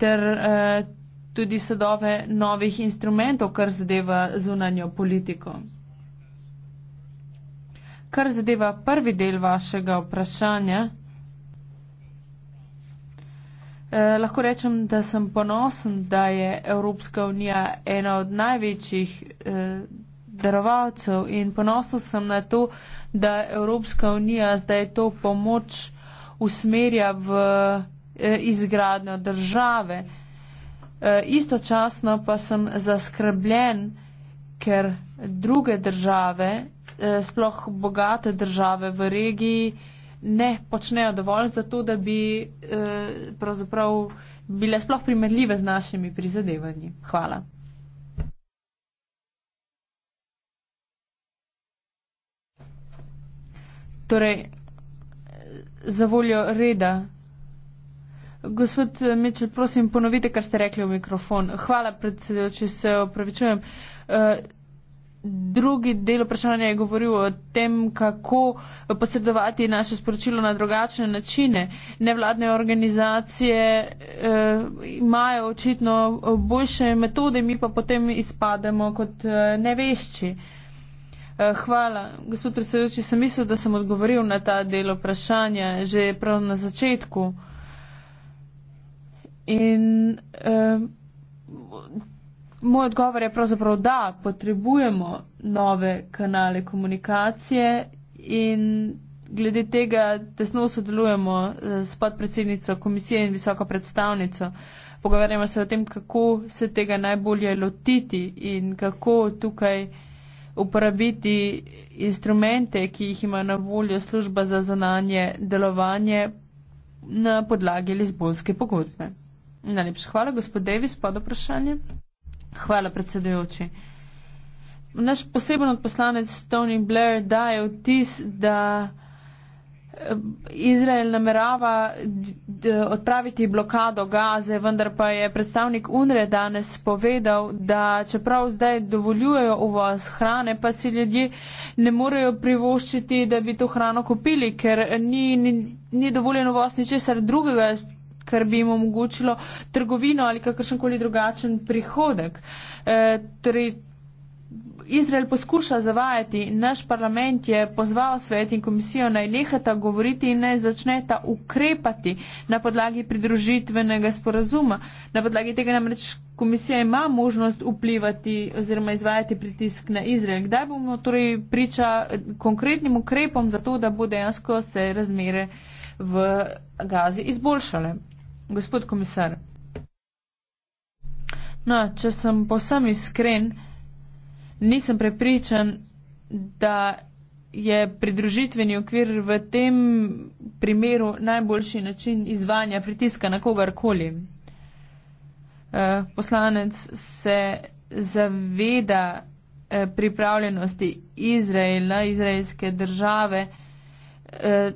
ter eh, tudi sodove novih instrumentov, kar zadeva zunanjo politiko. Kar zadeva prvi del vašega vprašanja, eh, lahko rečem, da sem ponosen, da je Evropska unija ena od največjih eh, darovalcev in ponosen sem na to, da Evropska unija zdaj to pomoč usmerja v eh, izgradnjo države. E, istočasno pa sem zaskrbljen, ker druge države, e, sploh bogate države v regiji, ne počnejo dovolj za to, da bi e, pravzaprav bile sploh primerljive z našimi prizadevanji. Hvala. Torej, za voljo reda Gospod Mičel, prosim, ponovite, kar ste rekli v mikrofon. Hvala, predsedujoči, se opravičujem. E, drugi del vprašanja je govoril o tem, kako posredovati naše sporočilo na drugačne načine. Nevladne organizacije eh, imajo očitno boljše metode, mi pa potem izpademo kot eh, nevešči. Eh, hvala. Gospod predsedujoči, sem mislil, da sem odgovoril na ta del vprašanja že prav na začetku. Eh, In uh, moj odgovor je pravzaprav, da potrebujemo nove kanale komunikacije in glede tega tesno sodelujemo eh, s podpredsednico komisije in visoko predstavnico. Pogovarjamo se o tem, kako se tega najbolje lotiti in kako tukaj uporabiti instrumente, ki jih ima na voljo služba za zonanje delovanje na podlagi Lizbonske pogodbe. Najlepša hvala, gospod Davis, pod vprašanje. Hvala, predsedujoči. Naš poseben odposlanec Tony Blair daje vtis, da eh, Izrael namerava odpraviti blokado gaze, vendar pa je predstavnik UNRE danes povedal, da čeprav zdaj dovoljujejo uvoz hrane, pa si ljudje ne morejo privoščiti, da bi to hrano kupili, ker ni, ni, ni dovoljeno uvoz ničesar drugega, kar bi jim omogočilo trgovino ali kakršen koli drugačen prihodek. E, torej, Izrael poskuša zavajati, naš parlament je pozval svet in komisijo naj nehata govoriti in naj začneta ukrepati na podlagi pridružitvenega sporazuma. Na podlagi tega namreč komisija ima možnost vplivati oziroma izvajati pritisk na Izrael. Kdaj bomo torej priča eh, konkretnim ukrepom za to, da bo dejansko se razmere v Gazi izboljšale? gospod komisar. No, če sem povsem iskren, nisem prepričan, da je pridružitveni okvir v tem primeru najboljši način izvanja pritiska na kogarkoli. Eh, poslanec se zaveda eh, pripravljenosti Izraela, izraelske države, eh,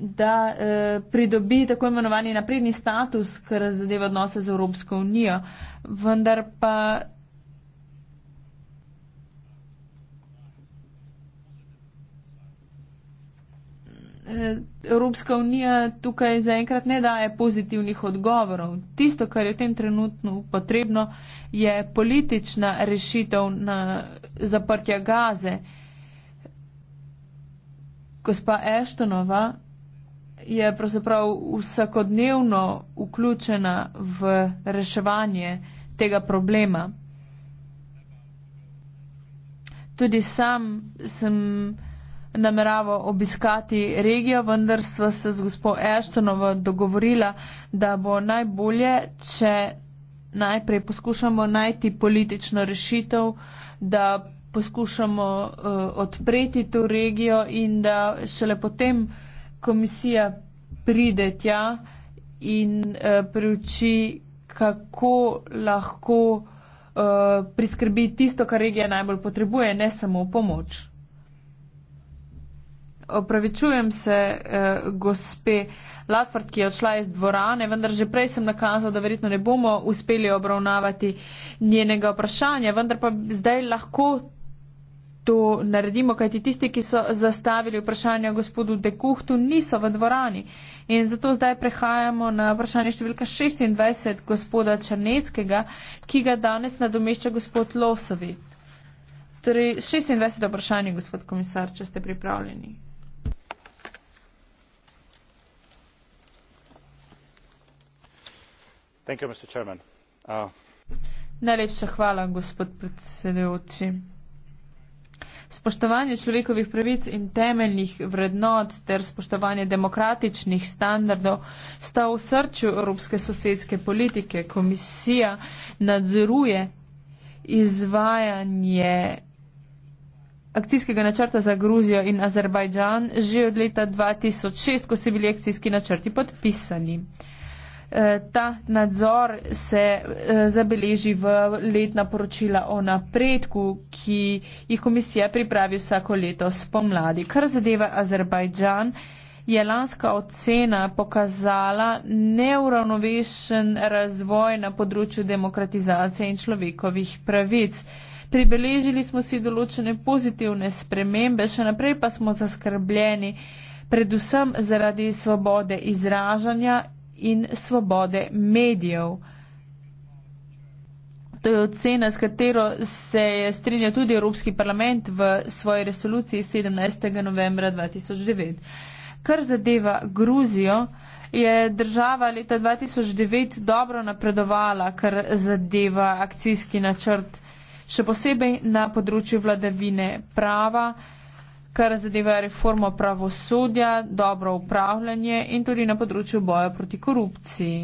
da eh, pridobi tako imenovani napredni status, kar zadeva odnose z Evropsko unijo. Vendar pa. Eh, Evropska unija tukaj zaenkrat ne daje pozitivnih odgovorov. Tisto, kar je v tem trenutku potrebno, je politična rešitev na zaprtja gaze. Gospa Eštonova, je pravzaprav vsakodnevno vključena v reševanje tega problema. Tudi sam sem nameraval obiskati regijo, vendar sva se z gospod Eštonovo dogovorila, da bo najbolje, če najprej poskušamo najti politično rešitev, da poskušamo uh, odpreti to regijo in da šele potem uh, komisija pride tja in uh, preuči, kako lahko uh, priskrbi tisto, kar regija najbolj potrebuje, ne samo pomoč. Opravičujem se, uh, gospe Latford, ki je odšla iz dvorane, vendar že prej sem nakazal, da verjetno ne bomo uspeli obravnavati njenega vprašanja, vendar pa zdaj lahko to naredimo, kajti tisti, ki so zastavili vprašanje gospodu Dekuhtu, niso v dvorani. In zato zdaj prehajamo na vprašanje številka 26 gospoda Črneckega, ki ga danes nadomešča gospod Losovi. Torej, 26 vprašanje, gospod komisar, če ste pripravljeni. You, uh. Najlepša hvala, gospod predsedujoči spoštovanje človekovih pravic in temeljnih vrednot ter spoštovanje demokratičnih standardov sta v srču Evropske sosedske politike. Komisija nadzoruje izvajanje akcijskega načrta za Gruzijo in Azerbajdžan že od leta 2006, ko so bili akcijski načrti podpisani. Eh, ta nadzor se eh, zabeleži v letna poročila o napredku, ki jih komisija pripravi vsako leto spomladi. Kar zadeva Azerbajdžan, je lanska ocena pokazala neuravnovešen razvoj na področju demokratizacije in človekovih pravic. Pribeležili smo si določene pozitivne spremembe, še naprej pa smo zaskrbljeni predvsem zaradi svobode izražanja in svobode medijev. To je ocena, s katero se je strinjal tudi Evropski parlament v svoji resoluciji 17. novembra 2009. Kar zadeva Gruzijo, je država leta 2009 dobro napredovala, kar zadeva akcijski načrt, še posebej na področju vladavine prava kar zadeva reformo pravosodja, dobro upravljanje in tudi na področju boja proti korupciji.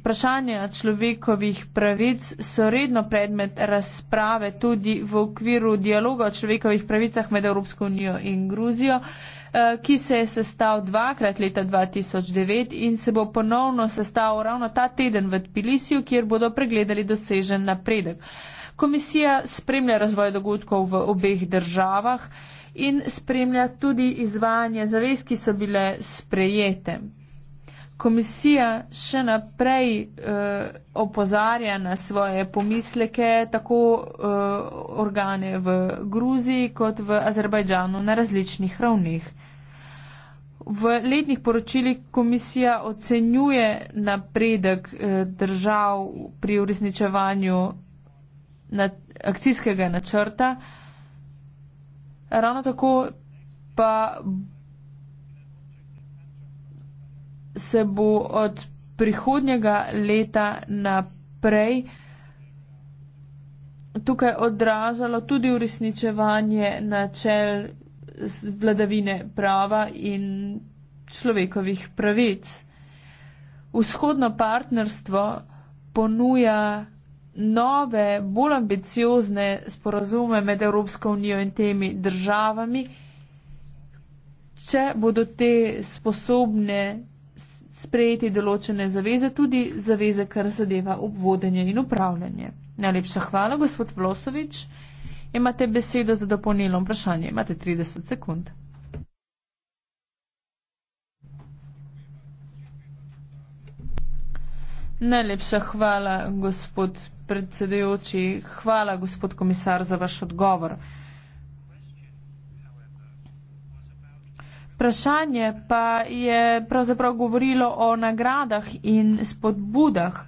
Vprašanja človekovih pravic so redno predmet razprave tudi v okviru dialoga o človekovih pravicah med Evropsko unijo in Gruzijo, Eh, ki se je sestal dvakrat leta 2009 in se bo ponovno sestal ravno ta teden v Tbilisiju, kjer bodo pregledali dosežen napredek. Komisija spremlja razvoj dogodkov v obeh državah in spremlja tudi izvajanje zavez, ki so bile sprejete. Komisija še naprej eh, opozarja na svoje pomisleke tako eh, organe v Gruziji kot v Azerbajdžanu na različnih ravnih. V letnih poročilih komisija ocenjuje napredek eh, držav pri uresničevanju akcijskega načrta. Ravno tako pa se bo od prihodnjega leta naprej tukaj odražalo tudi uresničevanje načel vladavine prava in človekovih pravic. Vzhodno partnerstvo ponuja nove, bolj ambiciozne sporazume med Evropsko unijo in temi državami, če bodo te sposobne sprejeti določene zaveze, tudi zaveze, kar zadeva obvodenje in upravljanje. Najlepša hvala, gospod Vlosovič imate besedo za dopolnilno vprašanje. Imate 30 sekund. Najlepša hvala, gospod predsedujoči. Hvala, gospod komisar, za vaš odgovor. Vprašanje pa je pravzaprav govorilo o nagradah in spodbudah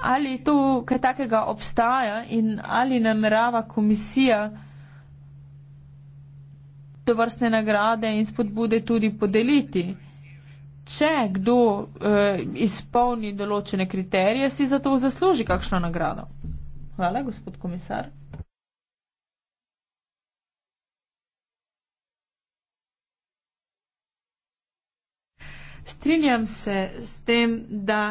ali to kaj takega obstaja in ali namerava komisija to vrstne nagrade in spodbude tudi podeliti. Če kdo eh, izpolni določene kriterije, si za to zasluži kakšno nagrado. Hvala, gospod komisar. Strinjam se s tem, da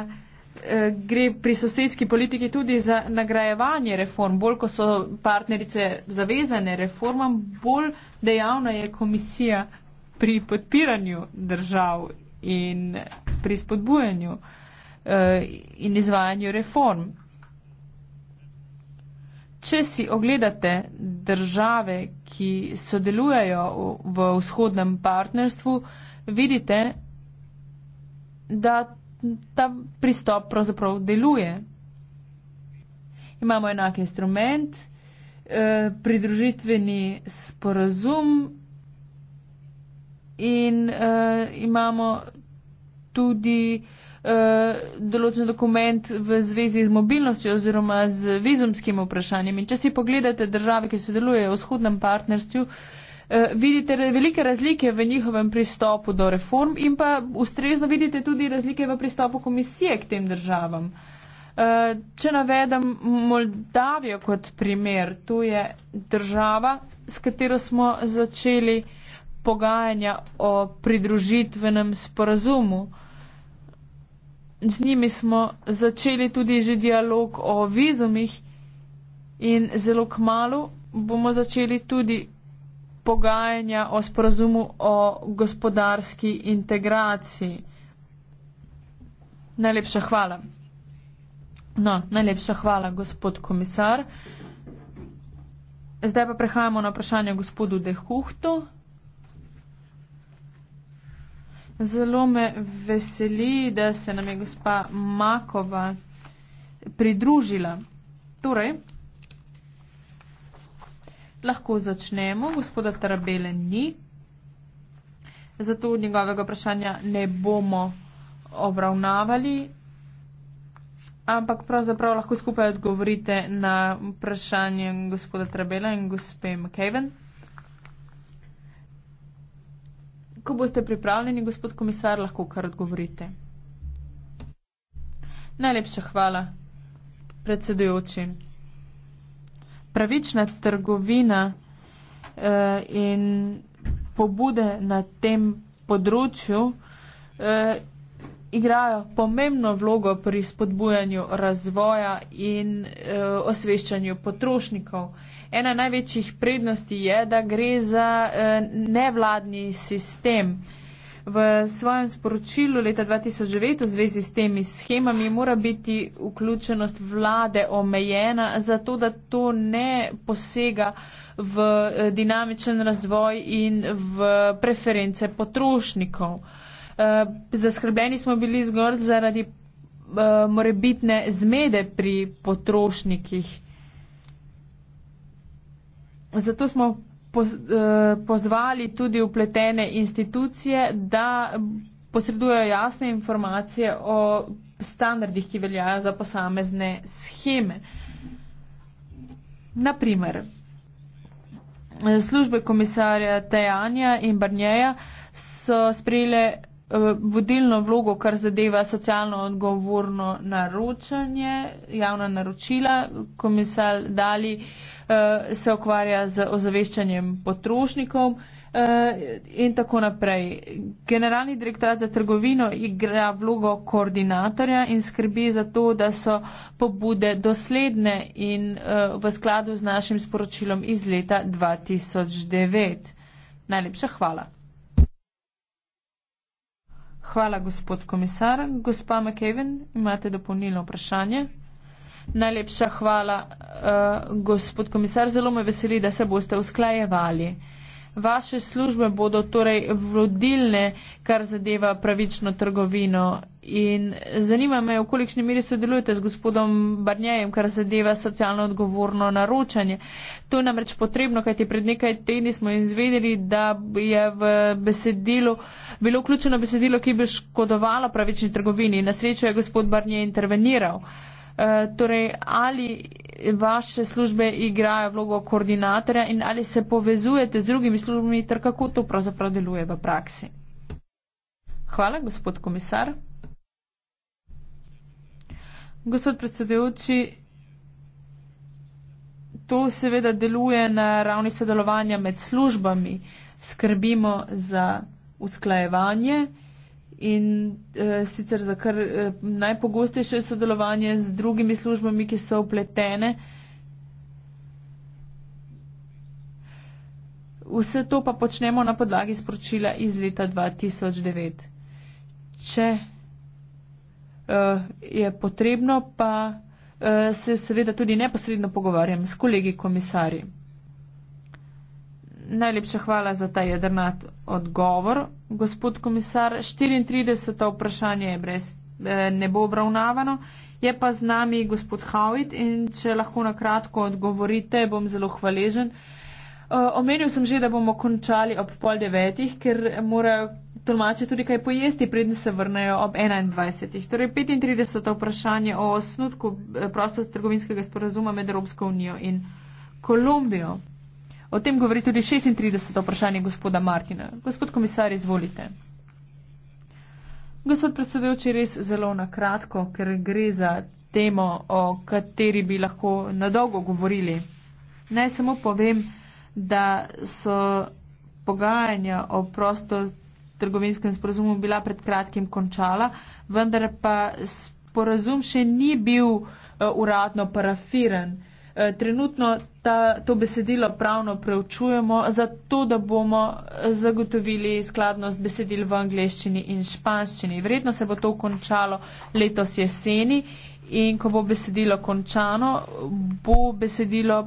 gre pri sosedski politiki tudi za nagrajevanje reform. Bolj, ko so partnerice zavezane reformam, bolj dejavna je komisija pri podpiranju držav in pri spodbujanju eh, in izvajanju reform. Če si ogledate države, ki sodelujejo v vzhodnem partnerstvu, vidite, da ta pristop pravzaprav deluje. Imamo enak instrument, eh, pridružitveni sporazum in eh, imamo tudi eh, določen dokument v zvezi z mobilnostjo oziroma z vizumskim vprašanjem. In če si pogledate države, ki sodelujejo v vzhodnem partnerstvu, Eh, vidite velike razlike v njihovem pristopu do reform in pa ustrezno vidite tudi razlike v pristopu komisije k tem državam. Eh, če navedem Moldavijo kot primer, tu je država, s katero smo začeli pogajanja o pridružitvenem sporazumu. Z njimi smo začeli tudi že dialog o vizumih in zelo kmalo bomo začeli tudi pogajanja o sporazumu o gospodarski integraciji. Najlepša hvala. No, najlepša hvala, gospod komisar. Zdaj pa prehajamo na vprašanje gospodu De Huhtu. Zelo me veseli, da se nam je gospa Makova pridružila. Torej, lahko začnemo. Gospoda Tarabele ni, zato njegovega vprašanja ne bomo obravnavali, ampak pravzaprav lahko skupaj odgovorite na vprašanje gospoda Tarabela in gospe McCaven. Ko boste pripravljeni, gospod komisar, lahko kar odgovorite. Najlepša hvala, predsedujoči pravična trgovina eh, in pobude na tem področju eh, igrajo pomembno vlogo pri spodbujanju razvoja in eh, osveščanju potrošnikov. Ena največjih prednosti je, da gre za eh, nevladni sistem. Eh, V svojem sporočilu leta 2009 v zvezi s temi schemami mora biti vključenost vlade omejena, zato da to ne posega v eh, dinamičen razvoj in v preference potrošnikov. Eh, zaskrbljeni smo bili zgolj zaradi eh, morebitne zmede pri potrošnikih. Zato smo poz, eh, pozvali tudi upletene institucije, da posredujejo jasne informacije o standardih, ki veljajo za posamezne scheme. Naprimer, eh, službe komisarja Tejanja in Barnjeja so sprejele Eh, vodilno vlogo, kar zadeva socialno odgovorno naročanje, javna naročila. Komisar Dali eh, se ukvarja z ozaveščanjem potrošnikov eh, in tako naprej. Generalni direktorat za trgovino igra vlogo koordinatorja in skrbi za to, da so pobude dosledne in v skladu z našim sporočilom iz leta 2009. Najlepša hvala. Hvala, gospod komisar. Gospa McKeven, imate dopolnilno vprašanje? Najlepša hvala, uh, gospod komisar. Zelo me veseli, da se boste usklajevali. Uh, vaše službe bodo torej vodilne, kar zadeva pravično trgovino. In zanima me, v kolikšni meri sodelujete z gospodom Barnjejem, kar zadeva socialno odgovorno naročanje. To je namreč potrebno, kajti pred nekaj tedni smo izvedeli, da je v besedilu bilo vključeno besedilo, ki bi škodovalo pravični trgovini. Na srečo je gospod Barnje interveniral. Uh, Eh, torej, ali vaše službe igrajo vlogo koordinatorja in ali se povezujete z drugimi službami ter kako to pravzaprav deluje v praksi. Hvala, gospod komisar. Gospod predsedujoči, to seveda deluje na ravni sodelovanja med službami. Skrbimo za usklajevanje in e, sicer za kar e, najpogostejše sodelovanje z drugimi službami, ki so upletene. Vse to pa počnemo na podlagi sporočila iz leta 2009. Če e, je potrebno, pa e, se seveda tudi neposredno pogovarjam s kolegi komisarji. Najlepša hvala za ta jedrnat odgovor. Gospod komisar, 34. vprašanje je brez, eh, ne bo obravnavano. Je pa z nami gospod Havit in če lahko na kratko odgovorite, bom zelo hvaležen. Eh, omenil sem že, da bomo končali ob pol devetih, ker morajo tolmače tudi kaj pojesti, preden se vrnejo ob 21. Torej 35. vprašanje o osnutku eh, prostostrgovinskega sporazuma med Evropsko unijo in Kolumbijo. O tem govori tudi 36. vprašanje gospoda Martina. Gospod komisar, izvolite. Gospod predsedujoči, res zelo na kratko, ker gre za temo, o kateri bi lahko nadolgo govorili. Naj samo povem, da so pogajanja o prosto trgovinskem sporozumu bila pred kratkim končala, vendar pa sporozum še ni bil eh, uradno parafiran. Eh, trenutno ta, to besedilo pravno preučujemo, zato da bomo zagotovili skladnost besedil v angleščini in španščini. Verjetno se bo to končalo letos jeseni in ko bo besedilo končano, bo besedilo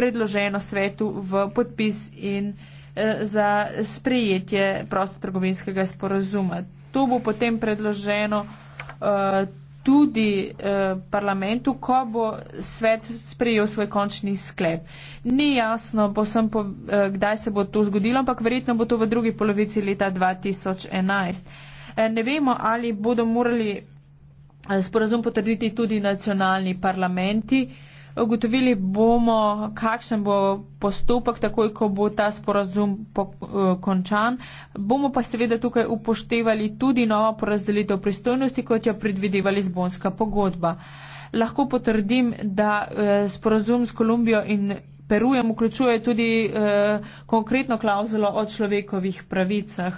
predloženo svetu v podpis in eh, za sprejetje prostotrgovinskega sporazuma. To bo potem predloženo. Eh, tudi eh, parlamentu, ko bo svet sprejel svoj končni sklep. Ni jasno, po, eh, kdaj se bo to zgodilo, ampak verjetno bo to v drugi polovici leta 2011. Eh, ne vemo, ali bodo morali eh, sporazum potrditi tudi nacionalni parlamenti. Eh, Ugotovili bomo, kakšen bo postopek, takoj ko bo ta sporazum eh, končan. Bomo pa seveda tukaj upoštevali tudi novo porazdelitev pristojnosti, kot jo predvideva Lizbonska pogodba. Lahko potrdim, da eh, sporazum s Kolumbijo in Perujem vključuje tudi eh, konkretno klauzulo o človekovih pravicah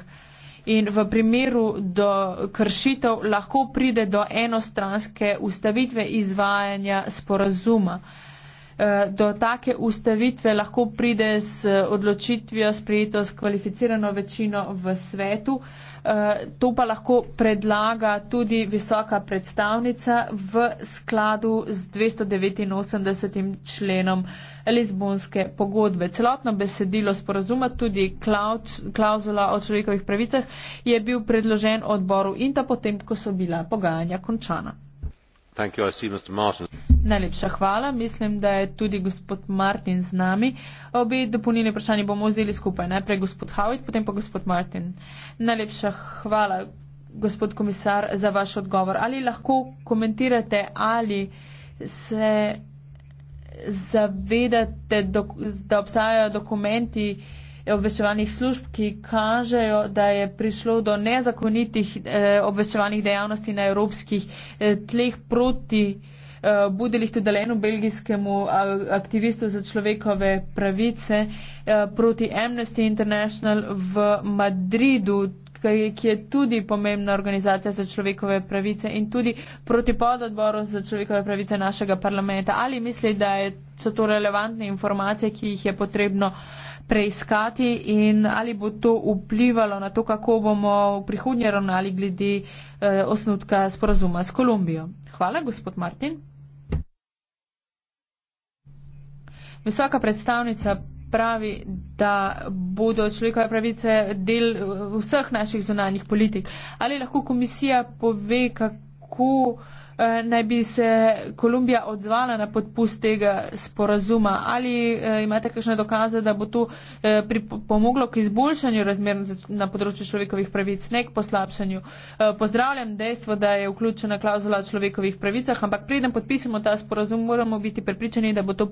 in v primeru do kršitev lahko pride do enostranske ustavitve izvajanja sporazuma. Eh, do take ustavitve lahko pride z odločitvijo sprejeto s kvalificirano večino v svetu. Eh, to pa lahko predlaga tudi visoka predstavnica v skladu z 289 členom Lizbonske pogodbe. Celotno besedilo sporazuma, tudi klauzula o človekovih pravicah, je bil predložen odboru in ta potem, ko so bila pogajanja končana. You, see, Najlepša hvala. Mislim, da je tudi gospod Martin z nami. Obe dopolnili vprašanje bomo vzeli skupaj. Najprej gospod Howitt, potem pa gospod Martin. Najlepša hvala, gospod komisar, za vaš odgovor. Ali lahko komentirate, ali se zavedate, dok, da obstajajo dokumenti obveščevalnih služb, ki kažejo, da je prišlo do nezakonitih eh, obveščevalnih dejavnosti na evropskih eh, tleh proti eh, budilih tudi delenu belgijskemu aktivistu za človekove pravice, eh, proti Amnesty International v Madridu ki, ki je tudi pomembna organizacija za človekove pravice in tudi proti pododboru za človekove pravice našega parlamenta. Ali misli, da je, so to relevantne informacije, ki jih je potrebno preiskati in ali bo to vplivalo na to, kako bomo v prihodnje ravnali glede eh, osnutka sporazuma s Kolumbijo. Hvala, gospod Martin. Visoka predstavnica pravi, da bodo človekove pravice del eh, vseh naših zunanjih politik. Ali lahko komisija pove, kako. Eh, naj bi se Kolumbija odzvala na podpust tega sporazuma. Ali eh, imate kakšne dokaze, da bo to eh, pripomoglo k izboljšanju razmer na področju človekovih pravic, ne k poslabšanju? Pozdravljam dejstvo, da je vključena klauzula o človekovih pravicah, ampak preden podpisimo ta sporazum, moramo biti prepričani, da bo to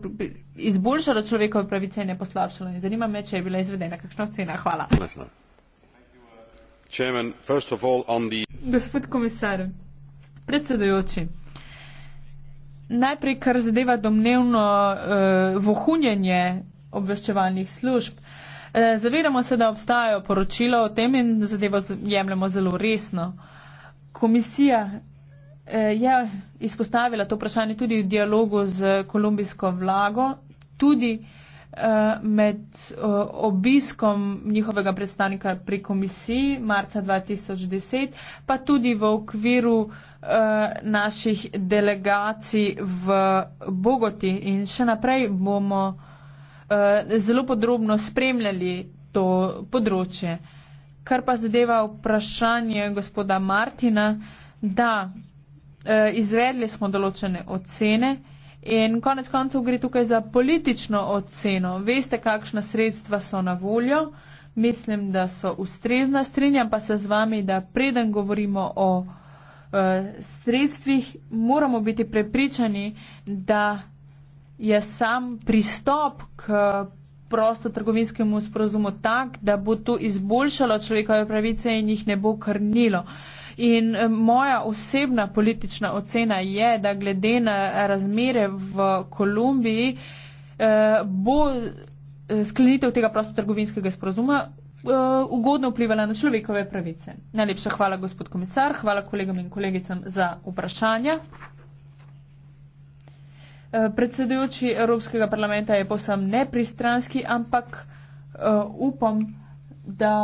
izboljšalo človekove pravice in ne poslabšalo. In zanima me, če je bila izvedena kakšna ocena. Hvala. Gospod komisar. Predsedujoči. Najprej, kar zadeva domnevno eh, vohunjenje obveščevalnih služb. Eh, zavedamo se, da obstajajo poročila o tem in zadevo jemljemo zelo resno. Komisija eh, je izpostavila to vprašanje tudi v dialogu z kolumbijsko vlago, tudi eh, med eh, obiskom njihovega predstavnika pri komisiji marca 2010, pa tudi v okviru eh, Eh, naših delegacij v Bogoti in še naprej bomo eh, zelo podrobno spremljali to področje. Kar pa zadeva vprašanje gospoda Martina, da eh, izvedli smo določene ocene in konec koncev gre tukaj za politično oceno. Veste, kakšna sredstva so na voljo, mislim, da so ustrezna. Strinjam pa se z vami, da preden govorimo o Eh, sredstvih, moramo biti prepričani, da je sam pristop k prostotrgovinskemu sporozumu tak, da bo to izboljšalo človekove pravice in jih ne bo krnilo. In eh, moja osebna politična ocena je, da glede na razmere v Kolumbiji eh, bo sklenitev tega prostotrgovinskega sporozuma Eh, ugodno vplivala na človekove pravice. Najlepša hvala, gospod komisar, hvala kolegom in kolegicam za vprašanja. Eh, predsedujoči Evropskega parlamenta je posem nepristranski, ampak eh, upam, da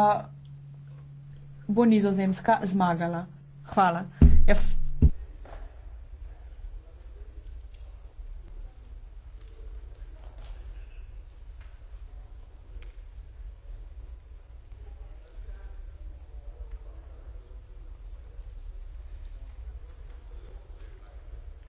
bo nizozemska zmagala. Hvala. Ja,